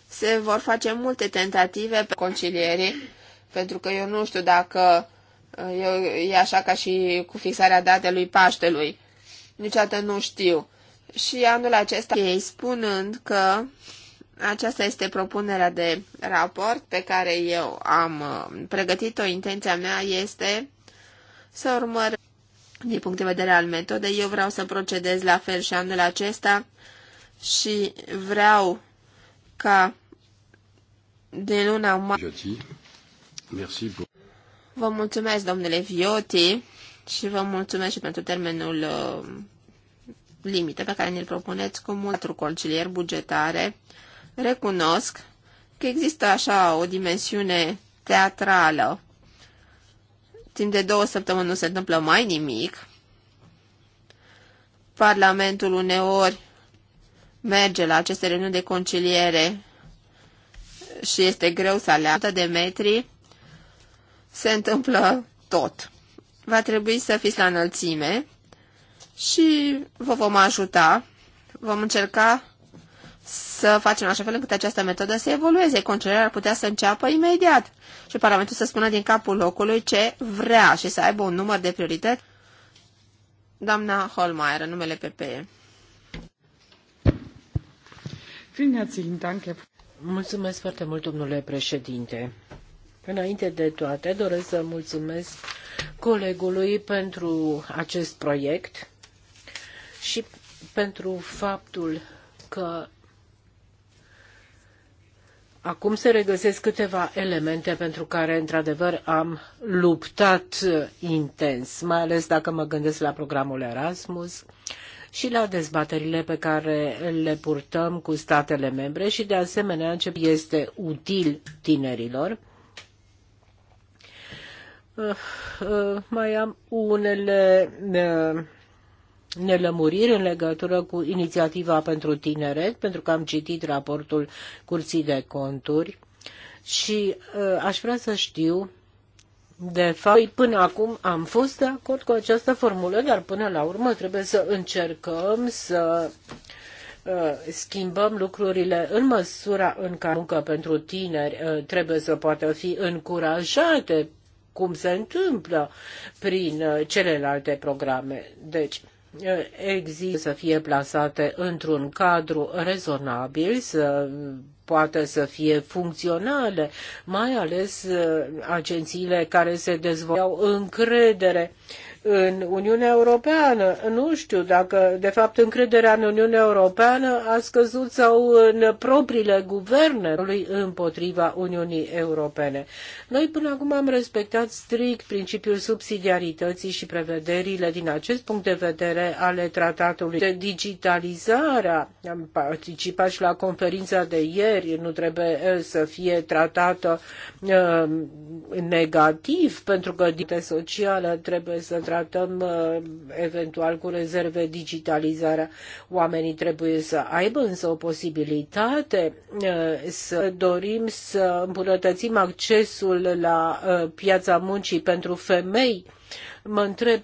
Se vor face multe tentative pe conciliere pentru că eu nu știu dacă uh, e așa ca și cu fixarea datelui Paștelui. Niciodată nu știu. Și anul acesta ei spunând că aceasta este propunerea de raport pe care eu am uh, pregătit-o. Intenția mea este să urmăr din punct de vedere al metodei. Eu vreau să procedez la fel și anul acesta și vreau ca de luna mai... Vă mulțumesc, domnule Vioti, și vă mulțumesc și pentru termenul uh, limită pe care ne-l propuneți cu mult concilier bugetare. Recunosc că există așa o dimensiune teatrală. Timp de două săptămâni nu se întâmplă mai nimic. Parlamentul uneori merge la aceste reuniuni de conciliere și este greu să aleagă de metri se întâmplă tot. Va trebui să fiți la înălțime și vă vom ajuta. Vom încerca să facem așa fel încât această metodă să evolueze. Concilierea ar putea să înceapă imediat și Parlamentul să spună din capul locului ce vrea și să aibă un număr de priorități. Doamna Holmeier, în numele PPE. Mulțumesc foarte mult, domnule președinte. Înainte de toate, doresc să mulțumesc colegului pentru acest proiect și pentru faptul că acum se regăsesc câteva elemente pentru care, într-adevăr, am luptat intens, mai ales dacă mă gândesc la programul Erasmus și la dezbaterile pe care le purtăm cu statele membre și, de asemenea, ce este util tinerilor Eh, eh, mai am unele eh, nelămuriri în legătură cu inițiativa pentru tineret, pentru că am citit raportul Curții de Conturi și aș vrea să știu de fapt, păi, până acum am fost de acord cu această formulă, dar până la urmă trebuie să încercăm să schimbăm lucrurile în măsura în care muncă pentru tineri trebuie să poată fi încurajate cum se întâmplă prin uh, celelalte programe. Deci, uh, există să fie plasate într-un cadru rezonabil, să poată să fie funcționale, mai ales uh, agențiile care se dezvoltau încredere uh, în Uniunea Europeană. Nu știu dacă, de fapt, încrederea în Uniunea Europeană a scăzut sau în propriile guverne împotriva Uniunii Europene. Noi până acum am respectat strict principiul subsidiarității și prevederile din acest punct de vedere ale tratatului de digitalizare. Am participat și la conferința de ieri, nu trebuie eh, să fie tratată uh, negativ, pentru că dintre socială trebuie să tratăm uh, eventual cu rezerve digitalizarea. Oamenii trebuie să aibă însă o posibilitate uh, să dorim să îmbunătățim accesul la uh, piața muncii pentru femei. Mă întreb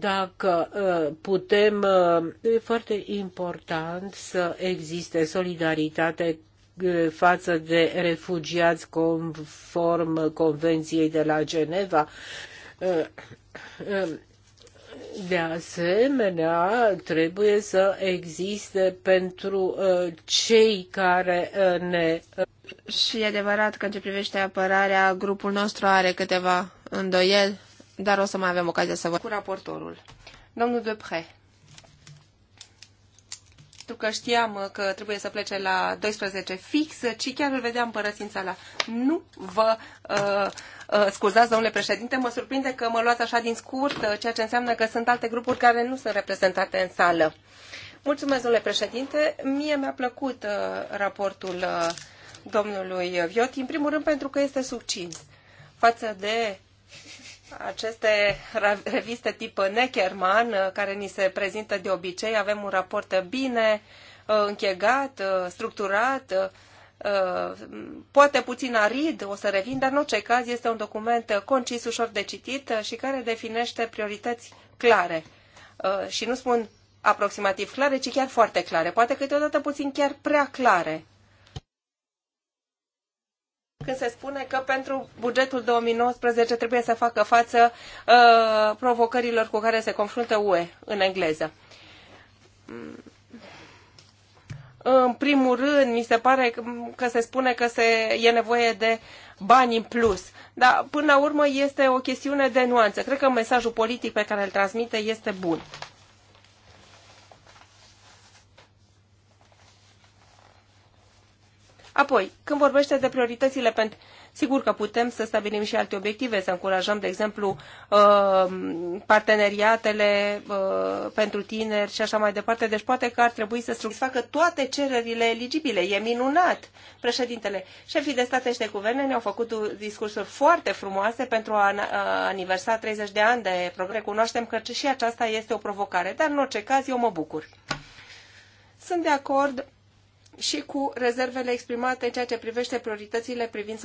dacă putem, e foarte important să existe solidaritate față de refugiați conform Convenției de la Geneva. Ehm, de asemenea, trebuie să existe pentru eh, cei care eh, ne. Eh, Și e adevărat că în ce privește apărarea, grupul nostru are câteva îndoieli, dar o să mai avem ocazia să vă... Cu raportorul, domnul Depre. Pentru că știam că trebuie să plece la 12 fix, ci chiar îl vedeam părăsind sala. Nu vă uh, Uh, scuzați, domnule președinte, mă surprinde că mă luați așa din scurt, uh, ceea ce înseamnă că sunt alte grupuri care nu sunt reprezentate în sală. Mulțumesc, domnule președinte. Mie mi-a plăcut uh, raportul domnului Vioti, în primul rând pentru că este succint față de aceste reviste tip Neckerman, care ni se prezintă de obicei. Avem un raport bine închegat, structurat, Uh, poate puțin arid, o să revin, dar în orice caz este un document concis, ușor de citit și care definește priorități clare. Uh, și nu spun aproximativ clare, ci chiar foarte clare. Poate câteodată puțin chiar prea clare. Când se spune că pentru bugetul 2019 trebuie să facă față uh, provocărilor cu care se confruntă UE în engleză mm. În primul rând, mi se pare că se spune că se, e nevoie de bani în plus. Dar, până la urmă, este o chestiune de nuanță. Cred că mesajul politic pe care îl transmite este bun. Apoi, când vorbește de prioritățile pentru... Sigur că putem să stabilim și alte obiective, să încurajăm, de exemplu, uh, parteneriatele uh, pentru tineri și așa mai departe. Deci poate că ar trebui să facă toate cererile eligibile. E minunat, președintele. Șefii de state și de guverne ne-au făcut discursuri foarte frumoase pentru a aniversa 30 de ani de progres. Recunoaștem că și aceasta este o provocare, dar în orice caz eu mă bucur. Sunt de acord și cu rezervele exprimate în ceea ce privește prioritățile privind